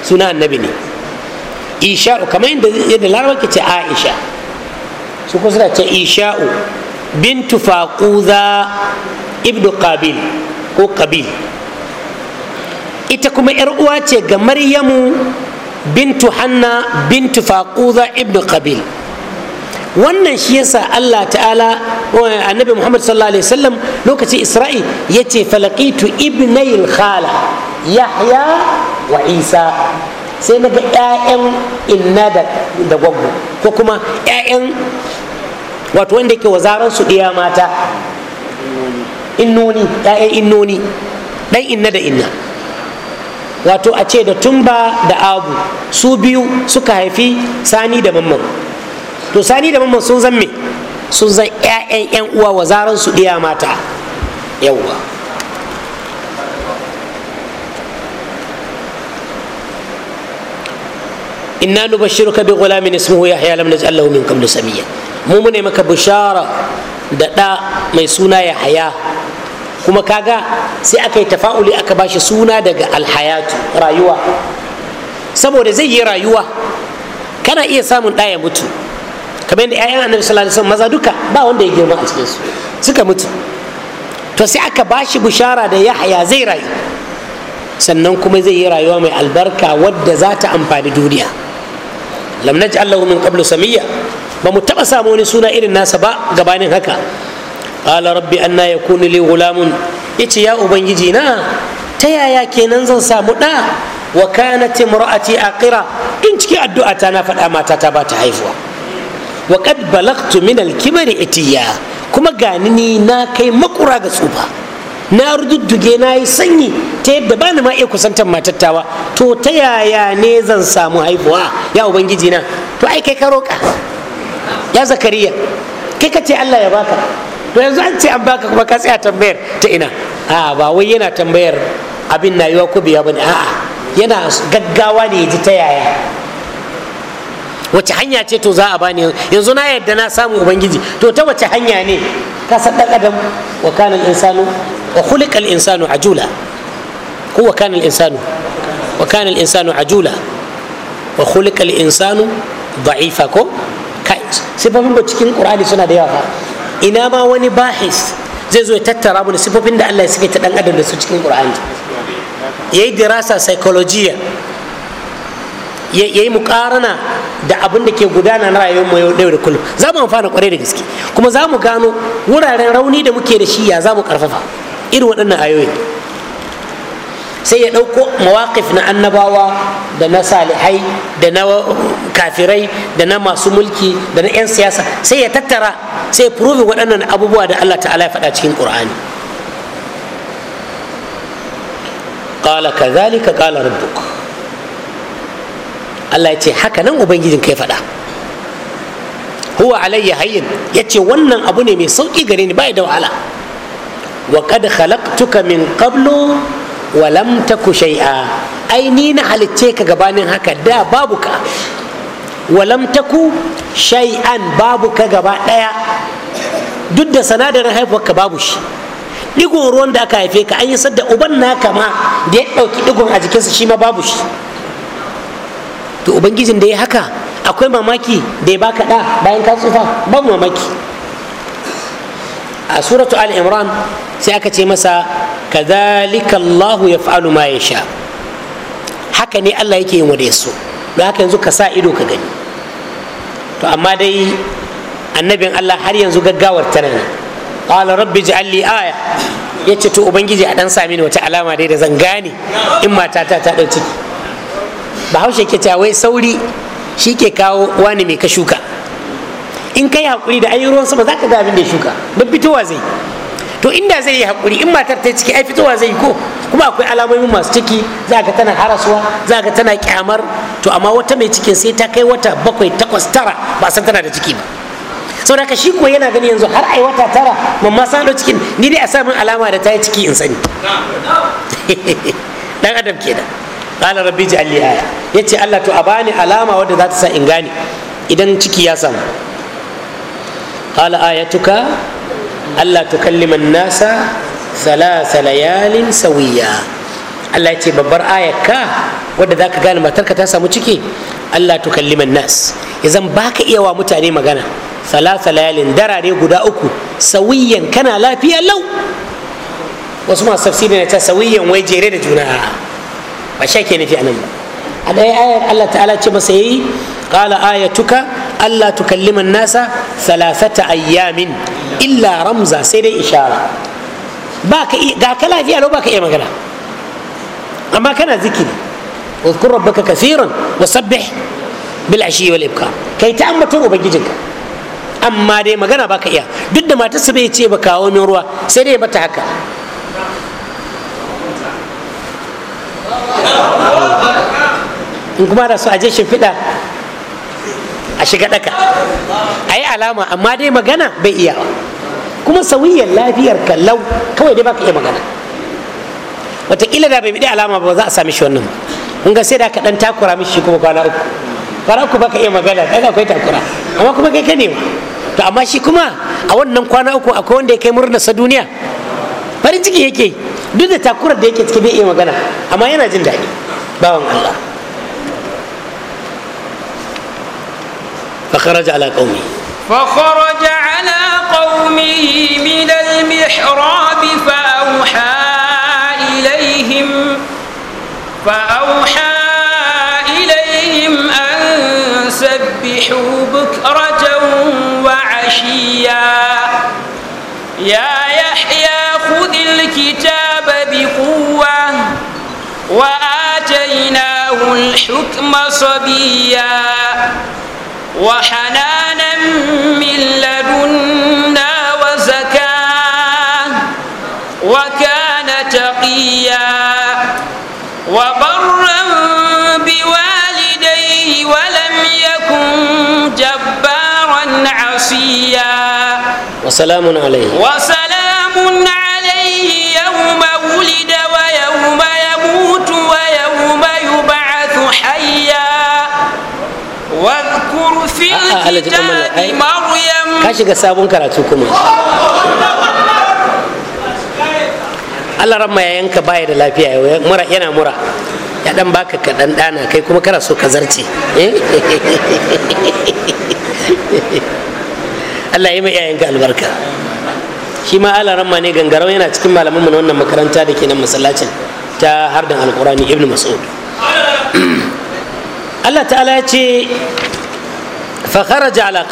suna annabi ne isha'u kamar yadda larabar ke ce aisha su kuma suna ce isha'u bintu faquza ibnu qabil ko qabil ita kuma yar uwa ce ga maryamu bintu hanna bintu faquza ibnu qabil wannan shi yasa Allah ta'ala annabi Muhammad sallallahu alaihi wasallam lokacin Isra'i yace falaqitu ibnayil khala Yahya wa Isa sai na ga 'ya'yan inna da gwaggo ko kuma 'ya'yan wato wanda yake wazaran su ɗiya mata innoni 'ya'yan innoni ɗan inna da inna wato a ce da tumba da abu su biyu suka haifi sani da mamman to sani da mamman sun zan me sun zan 'ya'yan 'yan uwa wa zaran su ɗiya mata yawwa inna nubashshiruka bi ghulamin ismuhu yahya lam naj'al lahu min qablu samiyya mu mune maka bishara da ɗa mai suna yahya kuma kaga sai aka yi tafa'uli aka bashi suna daga alhayatu rayuwa saboda zai yi rayuwa kana iya samun ɗaya mutu kamar yadda ƴaƴan annabi sallallahu alaihi maza duka ba wanda ya girma a cikin su suka mutu to sai aka bashi bushara da yahya zai rayu sannan kuma zai yi rayuwa mai albarka wadda za ta amfani duniya lam naj'al lahu min qablu samiyya ba mu taba samu wani suna irin nasa ba gabanin haka qala rabbi anna yakunu li ghulamun yace ya ubangiji na ta yaya kenan zan samu da wa kanat imraati aqira in cikin addu'a ta na faɗa mata ta ba ta haifuwa wa qad balagtu min al itiya kuma gani ni na kai makura ga tsufa na rududduge na yi sanyi ta yadda ba ni ma iya kusantar matattawa to ta yaya ne zan samu haifuwa ya ubangiji na to ai kai ka roƙa ya zakariya kai ka ce allah ya baka to yanzu an ce an baka kuma ka tsaya tambayar ta ina a ba wai yana tambayar abin na yiwa ko biya bane a'a yana gaggawa ne ya ji ta yaya wace hanya ce to za a bani yanzu na yadda na samu ubangiji to ta wace hanya ne ka san dan adam wa kana al insanu wa khuliqa al insanu ajula ko wa kana al insanu wa kana al insanu ajula wa khuliqa al insanu da'ifa ko kai sai ba cikin qur'ani suna da yawa ina ma wani bahis zai zo ya tattara mu sifofin da Allah ya sike ta dan adam da su cikin qur'ani yayi dirasa psychology ya yi mukarana da abin da ke gudana na rayuwar mu yau da kullum za mu amfana kwarai da gaske kuma za mu gano wuraren rauni da muke da shi ya za mu karfafa irin waɗannan ayoyi sai ya ɗauko mawaƙif na annabawa da na salihai da na kafirai da na masu mulki da na 'yan siyasa sai ya tattara sai ya furufi waɗannan abubuwa da allah ta'ala ya faɗa cikin ƙur'ani ƙala ka zalika ƙala Allah ya ce haka nan ubangijin kai faɗa huwa alayya hayyin ya ce wannan abu ne mai sauƙi gare ni bai da wahala wa kad khalaqtuka min qablu wa lam taku shay'a ai ni na halicce ka gabanin haka da babu ka wa lam taku shay'an babu ka gaba daya duk da sanadarin haifuwar ka babu shi digon ruwan da aka haife ka an yi sadda uban naka ma da ya ɗauki digon a jikinsa shi ma babu shi to ubangijin da ya haka akwai mamaki da ya baka da bayan ka tsufa ban mamaki a suratu al imran sai aka ce masa kadhalika allahu yaf'alu ma sha. haka ne allah yake yin wanda ya so don haka yanzu ka sa ido ka gani to amma dai annabin allah har yanzu gaggawar tana ne qala rabbi ij'al li aya yace to ubangiji a dan sami ne wata alama dai da zan gane in matata ta dau bahaushe ke cewa wai sauri shi ke kawo wani mai ka shuka in kai hakuri da ayi ruwan sama za ka ga abin da shuka don fitowa zai to inda zai yi hakuri in matar ta ciki ai fitowa zai ko kuma akwai alamomi masu ciki za ga tana harasuwa za ga tana kyamar to amma wata mai cikin sai ta kai wata bakwai takwas tara ba san tana da ciki ba saboda ka shi ko yana gani yanzu har ai wata tara mamma san cikin ni dai a samun alama da ta yi ciki in sani dan adam kenan qala rabbi ij'al li aya yace Allah to a bani alama wadda za ta sa in gane idan ciki ya samu qala ayatuka Allah tukallima an-nasa thalatha layalin sawiya Allah yace babbar ayarka wadda za ka gane matarka ta samu ciki Allah tukallima an-nas yanzu baka iya wa mutane magana thalatha layalin darare guda uku sawiyan kana lafiya lau wasu masu tafsiri na ta sawiyan wai jere da juna ba shi ake nufi anan ba a ɗaya ayar Allah ta'ala ce masa yayi qala ayatuka alla tukallima nasa thalathata ayyamin illa ramza sai dai ishara ba ka ga ka lafiya lau ba ka iya magana amma kana zikiri واذكر ربك كثيرا وسبح بالعشي والابكار كي تأمتون ubangijinka amma dai magana baka iya duk da matarsa bai ce ba kawo min ruwa sai dai bata haka in kuma da su a je shimfiɗa a shiga ɗaka a yi alama amma dai magana bai iya kuma sauyin lafiyar kallau kawai dai baka iya magana wataƙila da bai bi alama ba za a sami shi wannan in ga sai da ka ɗan takura mishi kuma kwana uku kwana uku baka iya magana kaga akwai takura amma kuma kai ka nema to amma shi kuma a wannan kwana uku akwai wanda ya kai murnarsa duniya farin ciki yake yi duk da takurar da yake ciki bai iya magana amma yana jin daɗi bawan Allah فخرج على قومه فخرج على قومه من المحراب فأوحى إليهم فأوحى إليهم أن سبحوا بكرة وعشيا يا يحيى خذ الكتاب وآتيناه الحكم صبيا وحنانا من لدنا وزكاة وكان تقيا وبرا بوالديه ولم يكن جبارا عصيا وسلام عليه وسلام عليه ka shiga sabon karatu kuma Allah ramma ya yanka baya da lafiya mura yana mura ya dan baka kaɗan ɗana kai kuma kana so ka zarce eh? Allah ya mai yayanka albarka shi ma Allah ramma ne gangarau yana cikin malaman mu na wannan makaranta da ke nan masallacin ta hardin alkurani ibn mas'ud Allah ta'ala ya ce fa kharaja ala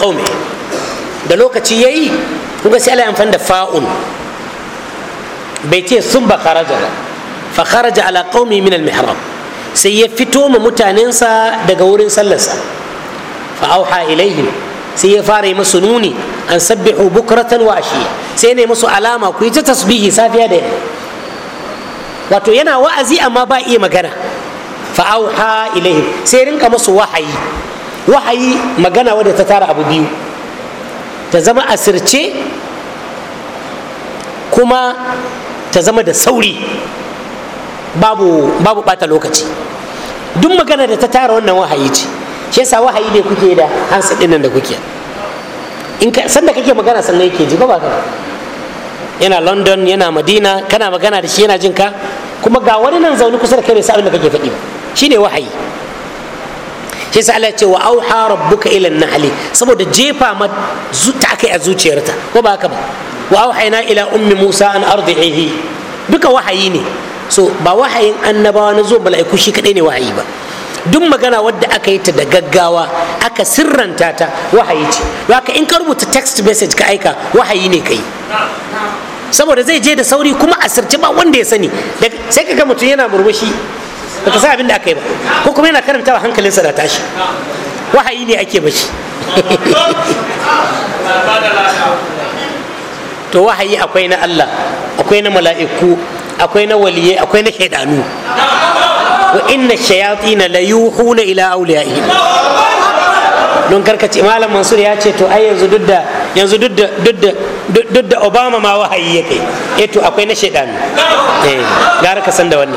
da lokaci yayi kuka sai Allah ya amfani da fa'un bai ce sun ba kharaja ba fa kharaja ala qaumi min al sai ya fito ma mutanensa daga wurin sallarsa fa auha ilaihim sai ya fara masu nuni an sabbihu bukratan wa ashiya sai ne musu alama ku yi ta tasbihi safiya da wato yana wa'azi amma ba iya magana fa auha ilaihim sai rinka musu wahayi wahayi magana wadda ta tara abu biyu ta zama asirce kuma ta zama da sauri babu babu bata lokaci duk magana da ta tara wannan wahayi ce shi yasa wahayi ne kuke da hansa dinnan da kuke in ka sanda kake magana sannan yake ji ba ba ka yana london yana madina kana magana da shi yana jin ka kuma ga wani nan zaune kusa da kai ne sa abin da kake faɗi ba shine wahayi shi sa Allah ya ce wa auha rabbuka ila nahli saboda jefa ma zuta a zuciyarta ko ba haka ba wa auhayna ila ummi Musa an ardihi duka wahayi ne so ba wahayin annabawa na zo mala'iku shi kadai ne wahayi ba duk magana wadda aka yi ta da gaggawa aka sirranta ta wahayi ce haka in ka rubuta text message ka aika wahayi ne yi saboda zai je da sauri kuma asirce ba wanda ya sani sai ka ga mutum yana murmushi baka san abin da aka yi ba ko kuma yana karanta wa hankalinsa da tashi wahayi ne ake bashi to wahayi akwai na Allah akwai na mala'iku akwai na waliyai akwai na shaidanu wa inna shayatin la yuhuna ila awliyai don karkace malam mansur ya ce to ai yanzu duk da yanzu duk da duk da obama ma wahayi ya kai eh to akwai na shaidanu eh gara ka san da wannan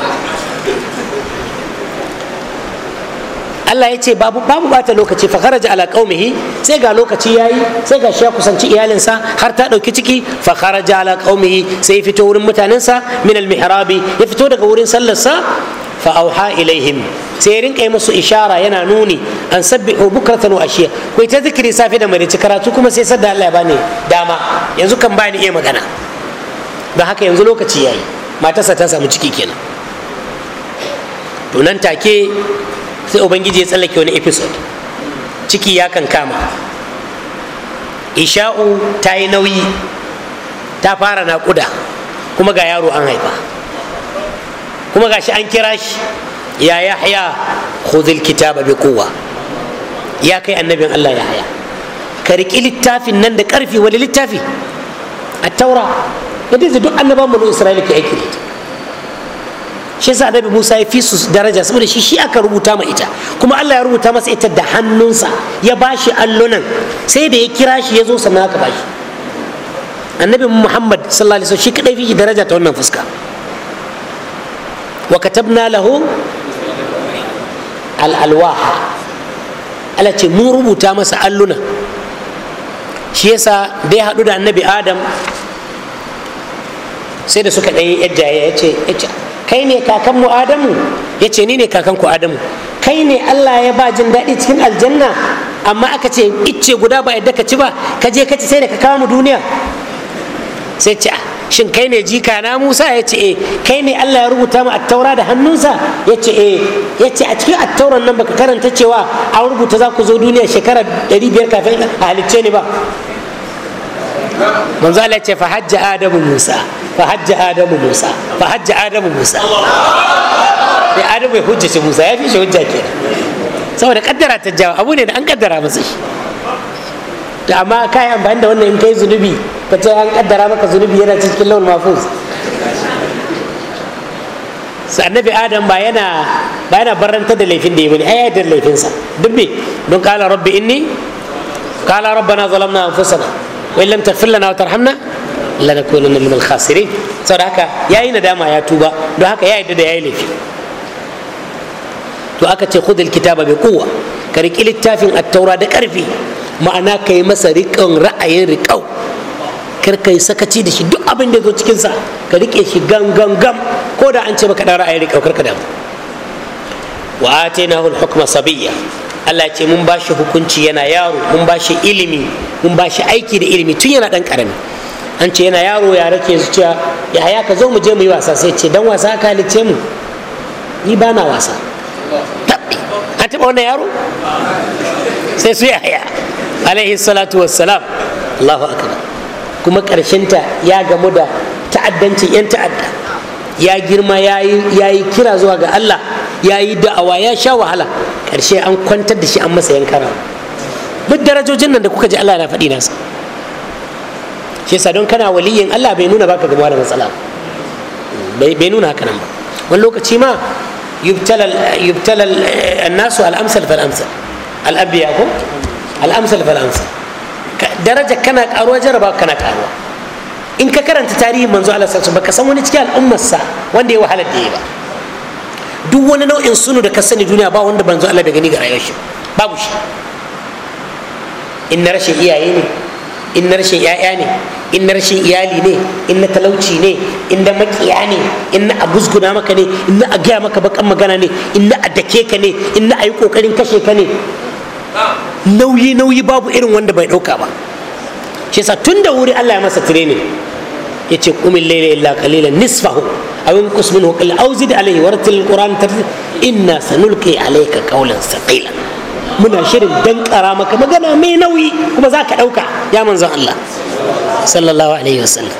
Allah ya ce babu babu bata lokaci fa kharaja ala qaumihi sai ga lokaci yayi sai ga shi ya kusanci iyalinsa har ta dauki ciki fa kharaja ala qaumihi sai fito wurin mutanensa min al mihrabi ya fito daga wurin sa fa auha ilaihim sai rinka yi musu ishara yana nuni an sabbihu bukratan wa ashiya kai ta zikiri safe da mai karatu kuma sai sadda Allah ya bani dama yanzu kan bani iya magana don haka yanzu lokaci yayi matarsa ta samu ciki kenan to nan take sai ubangiji ya tsallake wani episode ciki ya kankama isha'u ta yi nauyi ta fara naƙuda kuma ga yaro an haifa kuma ga shi an kira shi ya yahya khudhil kitaba bi quwwa ya kai annabin Allah ya haya ka riƙi littafin nan da ƙarfi wani littafi a taura yadda duk annabawan mu isra'ila ke aiki da ita shi yasa annabi Musa ya fi su daraja saboda shi shi aka rubuta ma ita kuma Allah ya rubuta masa ita da hannunsa ya bashi allonan sai da ya kira shi ya zo sannan aka bashi annabi Muhammad sallallahu alaihi wasallam shi kadai fi daraja ta wannan fuska wa katabna lahu al alwaha Allah ce mun rubuta masa alluna shi yasa da ya haɗu da annabi Adam sai da suka ɗaya yadda ya ce kai ne kakanmu adamu ya ce ni ne kakanku adamu kai ne allah ya ba jin daɗi cikin aljanna amma aka ce icce guda ba yadda ka ci ba ka je ka ci sai da ka kama mu duniya sai ce ah, shin kai ne jika na musa ya ce eh kai ne allah ya rubuta mu attaura da hannunsa ya ce eh ya ce a cikin attauran nan baka karanta cewa an rubuta za ku zo duniya shekara biyar kafin a halicce ne ba manzo ya ce fa hajja adamu musa fa hajja adamu musa fa hajja adamu musa sai adamu ya hujjace musa ya fi shi hujja kenan saboda kaddara ta jawo abu ne da an kaddara masa shi da amma ka yi amfani da wannan in kai zunubi ka ce an kaddara maka zunubi yana cikin lawan mafus annabi adam ba yana ba yana barranta da laifin da ya bane ai da laifin sa, me don kala rabbi inni kala rabbana zalamna anfusana wa illam taghfir lana wa tarhamna lanakunanna min al-khasirin saboda haka yayi nadama ya tuba don haka ya yadda da yayi laifi to aka ce khudh al-kitaba bi quwwa ka riki littafin at-taura da karfi ma'ana kai masa riƙon ra'ayin riƙau kar kai sakaci da shi duk abin da zo cikin sa ka rike shi gam gam gam ko da an ce maka dan ra'ayin riƙau kar ka damu wa atainahu al-hukma sabiyya Allah ce mun ba shi hukunci yana yaro mun ba shi ilimi mun ba shi aiki da ilimi tun yana dan karami an ce yana yaro yare ke zuciya ya ka zo mu je mu yi wasa sai ce dan wasa ka halicce mu ni ba na wasa an taɓa wannan yaro sai su yaya alaihi salatu wassalam allahu akbar kuma ta ya gamu da ta'addancin 'yan ta'adda ya girma ya yi kira zuwa ga allah ya yi da'awa ya sha wahala ƙarshe an kwantar da shi an masa yankara duk darajojin nan da kuka ji allah na faɗi nasa shi yasa don kana waliyin Allah bai nuna baka gaba da matsala bai nuna haka nan ba wani lokaci ma yubtala eh, annasu al'amsal fal'amsal al'abiya ko al'amsal fal'amsal daraja kana karuwa jaraba kana karuwa in ka karanta tarihin manzo Allah ba baka san wani cikin al'ummarsa wanda ya wahalar da ya ba duk wani nau'in sunu da ka sani duniya ba wanda manzo Allah bai gani ga rayuwar shi babu shi in na rashin iyaye ne in na rashin ‘ya'ya ne in na rashin iyali ne in na talauci ne in na makiya ne in na a guzguna maka ne in na a gaya maka bakan magana ne in na a dake ka ne in na a yi ƙoƙarin kashe ka ne nauyi nauyi babu irin wanda bai ɗauka ba shi yasa tun da wuri Allah ya masa training ya ce kumin laila illa qalilan nisfahu aw inqus minhu qil aw zid alayhi waratil qur'an tartil inna sanulqi alayka qawlan saqila muna shirin kara maka magana mai nauyi kuma za ka ɗauka ya manzon Allah sallallahu alaihi wasallam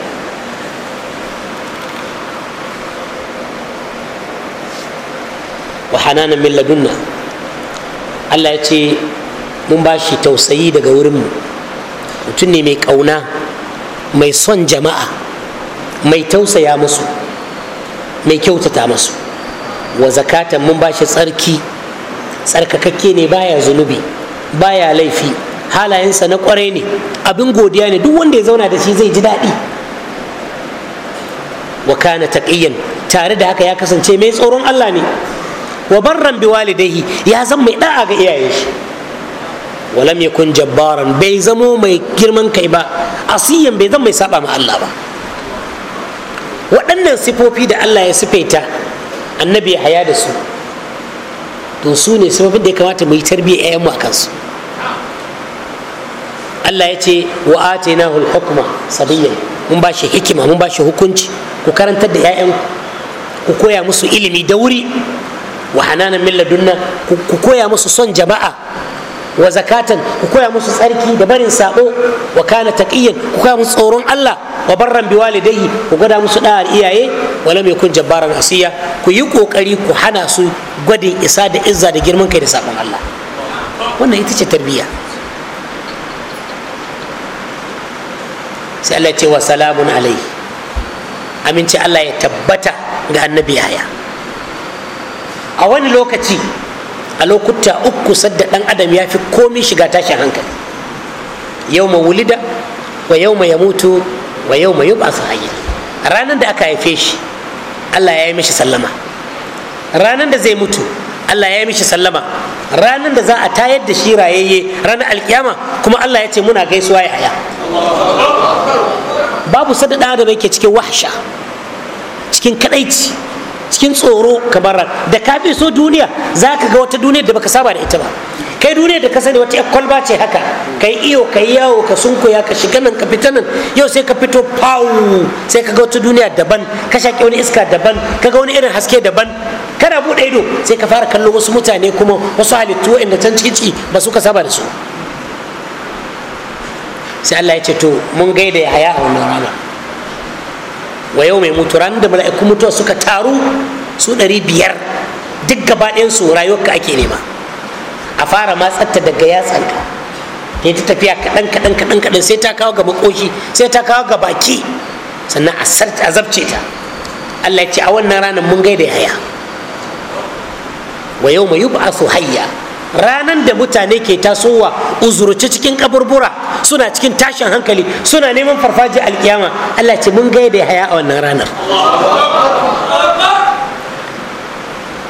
wa hananan min ladunna Allah ya ce mun ba shi tausayi daga wurin mu mutum ne mai ƙauna mai son jama'a mai tausaya musu mai kyautata musu wa zakatan mun ba shi tsarki tsarkakakke ne baya zunubi baya laifi halayensa na kwarai ne abin godiya ne duk wanda ya zauna da shi zai ji daɗi wa kana taqiyyan tare da haka ya kasance mai tsoron Allah ne wa barran bi walidayhi ya zan mai da'a ga iyayen shi walam yakun jabbaran bai zamo mai girman kai ba asiyan bai zan mai saba ma Allah ba waɗannan sifofi da Allah ya sifaita annabi ya haya da su to su ne sababin da ya kamata mu yi tarbiyyar mu a kansu Allah ya ce wa atina hul hukma sabiyyan mun ba shi hikima mun ba shi hukunci ku karantar da yayan ku koya musu ilimi da wuri wa hananan min ladunna ku koya musu son jama'a wa zakatan ku koya musu tsarki da barin sabo wa kana taqiyyan ku koya musu tsoron Allah wa barran bi ku gwada musu da'ar iyaye wa lam yakun jabbaran asiya ku yi kokari ku hana su gwadin isa da izza da girman kai da sabon Allah wannan ita ce tarbiyya sai Allah ce wa salamun alai aminci Allah ya tabbata ga annabi yaya a wani lokaci a lokuta uku sadda ɗan adam ya fi komi shiga tashin hankali yau ma wulida wa yau ma ya mutu wa yau ma yub'asu hayya ranar da aka haife shi Allah ya yi mishi sallama ranar da zai mutu Allah ya yi mishi sallama ranar da za a tayar da shi rayayye ranar alkiyama kuma Allah ya ce muna gaisuwa ya haya babu sadda dan adam yake cikin wahsha cikin kadaici cikin tsoro ka ran da ka fi so duniya za ka ga wata duniya da baka saba da ita ba kai duniya da ka sani wata kwalba ce haka ka yi iyo kai yawo ka sunkoya ka shiga nan ka fita nan yau sai ka fito pau sai ka ga wata duniya daban ka shaƙi wani iska daban ka ga wani irin haske daban kana buɗe ido sai ka fara kallon wasu mutane kuma wasu halittu inda can ciki ba su ka saba da su sai Allah ya ce to mun gaida ya haya a wannan rana wa yau mai mutu ran da mala'iku mutuwa suka taru su ɗari biyar duk gaba su rayuwarka ake nema a fara matsatta daga yatsanka ta ta tafiya kaɗan kaɗan kaɗan kaɗan sai ta kawo ga makoshi sai ta kawo ga baki sannan a azabce ta allah ya ce a wannan ranar mun gaida yaya wa yau mai a su hayya ranan da mutane ke tasowa uzurci cikin kaburbura suna cikin tashin hankali suna neman farfaji alkiyama Allah ce mun gaida ya haya a wannan ranar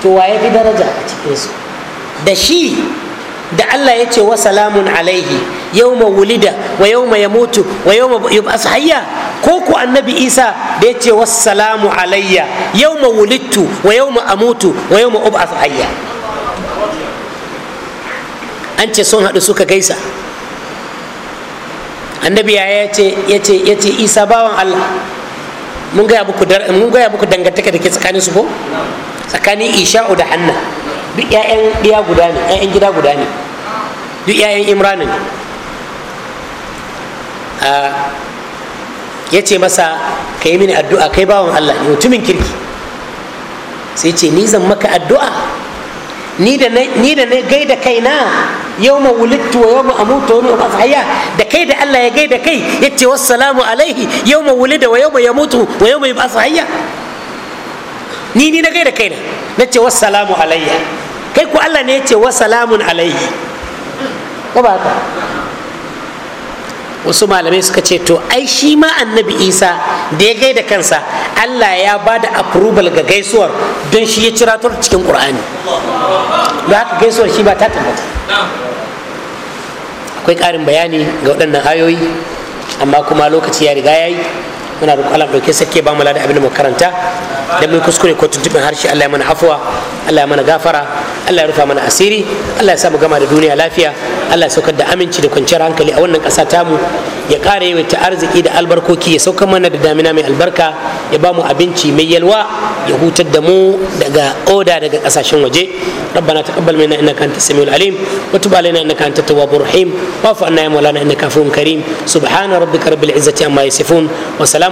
to waye fi daraja a cikin su da shi da Allah ya ce wa salamun alaihi yawma wulida wa yawma yamutu wa yawma yub'as hayya ko ku annabi Isa da ya ce salamu alayya yawma wulidtu wa yawma amutu wa yawma ub'as hayya an ce sun haɗu suka gaisa annabi ya ce ya ce isa bawan allah mun gaya muku dangantaka da ke tsakanin su ko tsakanin isha'u da hanna duk 'ya'yan iya guda ne 'ya'yan gida guda ne duk 'ya'yan imrana ne ya ce masa ka yi mini addu'a kai bawan allah ne mutumin kirki sai ce ni zan maka addu'a ni da ne, na gaida kaina yau ma wulittu wa yau ma amutu wa yau hayya da kai da Allah ya gaida kai ya ce wassalamu alaihi yau ma wulida wa yau ma yamutu wa yau ma yub'athu hayya ni ni na gaida kaina na ce wassalamu alayya kai ku Allah ne ya ce wassalamun alaihi ko ba ka wasu malamai suka ce to ai shi ma annabi isa da ya gaida kansa allah ya ba da approval ga gaisuwar don shi ya cira cikin ƙur'ani da haka gaisuwar shi ba ta tabbata akwai ƙarin bayani ga waɗannan ayoyi amma kuma lokaci ya riga ya yi muna roƙon Allah dauke sake ba mu ladan abin da mu karanta da mun kuskure ko tuntuɓin harshe Allah ya mana afuwa Allah ya mana gafara Allah ya rufa mana asiri Allah ya sa mu gama da duniya lafiya Allah ya saukar da aminci da kwanciyar hankali a wannan ƙasa tamu ya ƙara yi ta arziki da albarkoki ya saukar mana da damina mai albarka ya ba mu abinci mai yalwa ya hutar da mu daga oda daga ƙasashen waje ربنا تقبل منا انك انت السميع العليم وتب علينا انك انت التواب الرحيم واعف عنا يا مولانا انك عفو كريم سبحان ربك رب العزه عما يصفون وسلام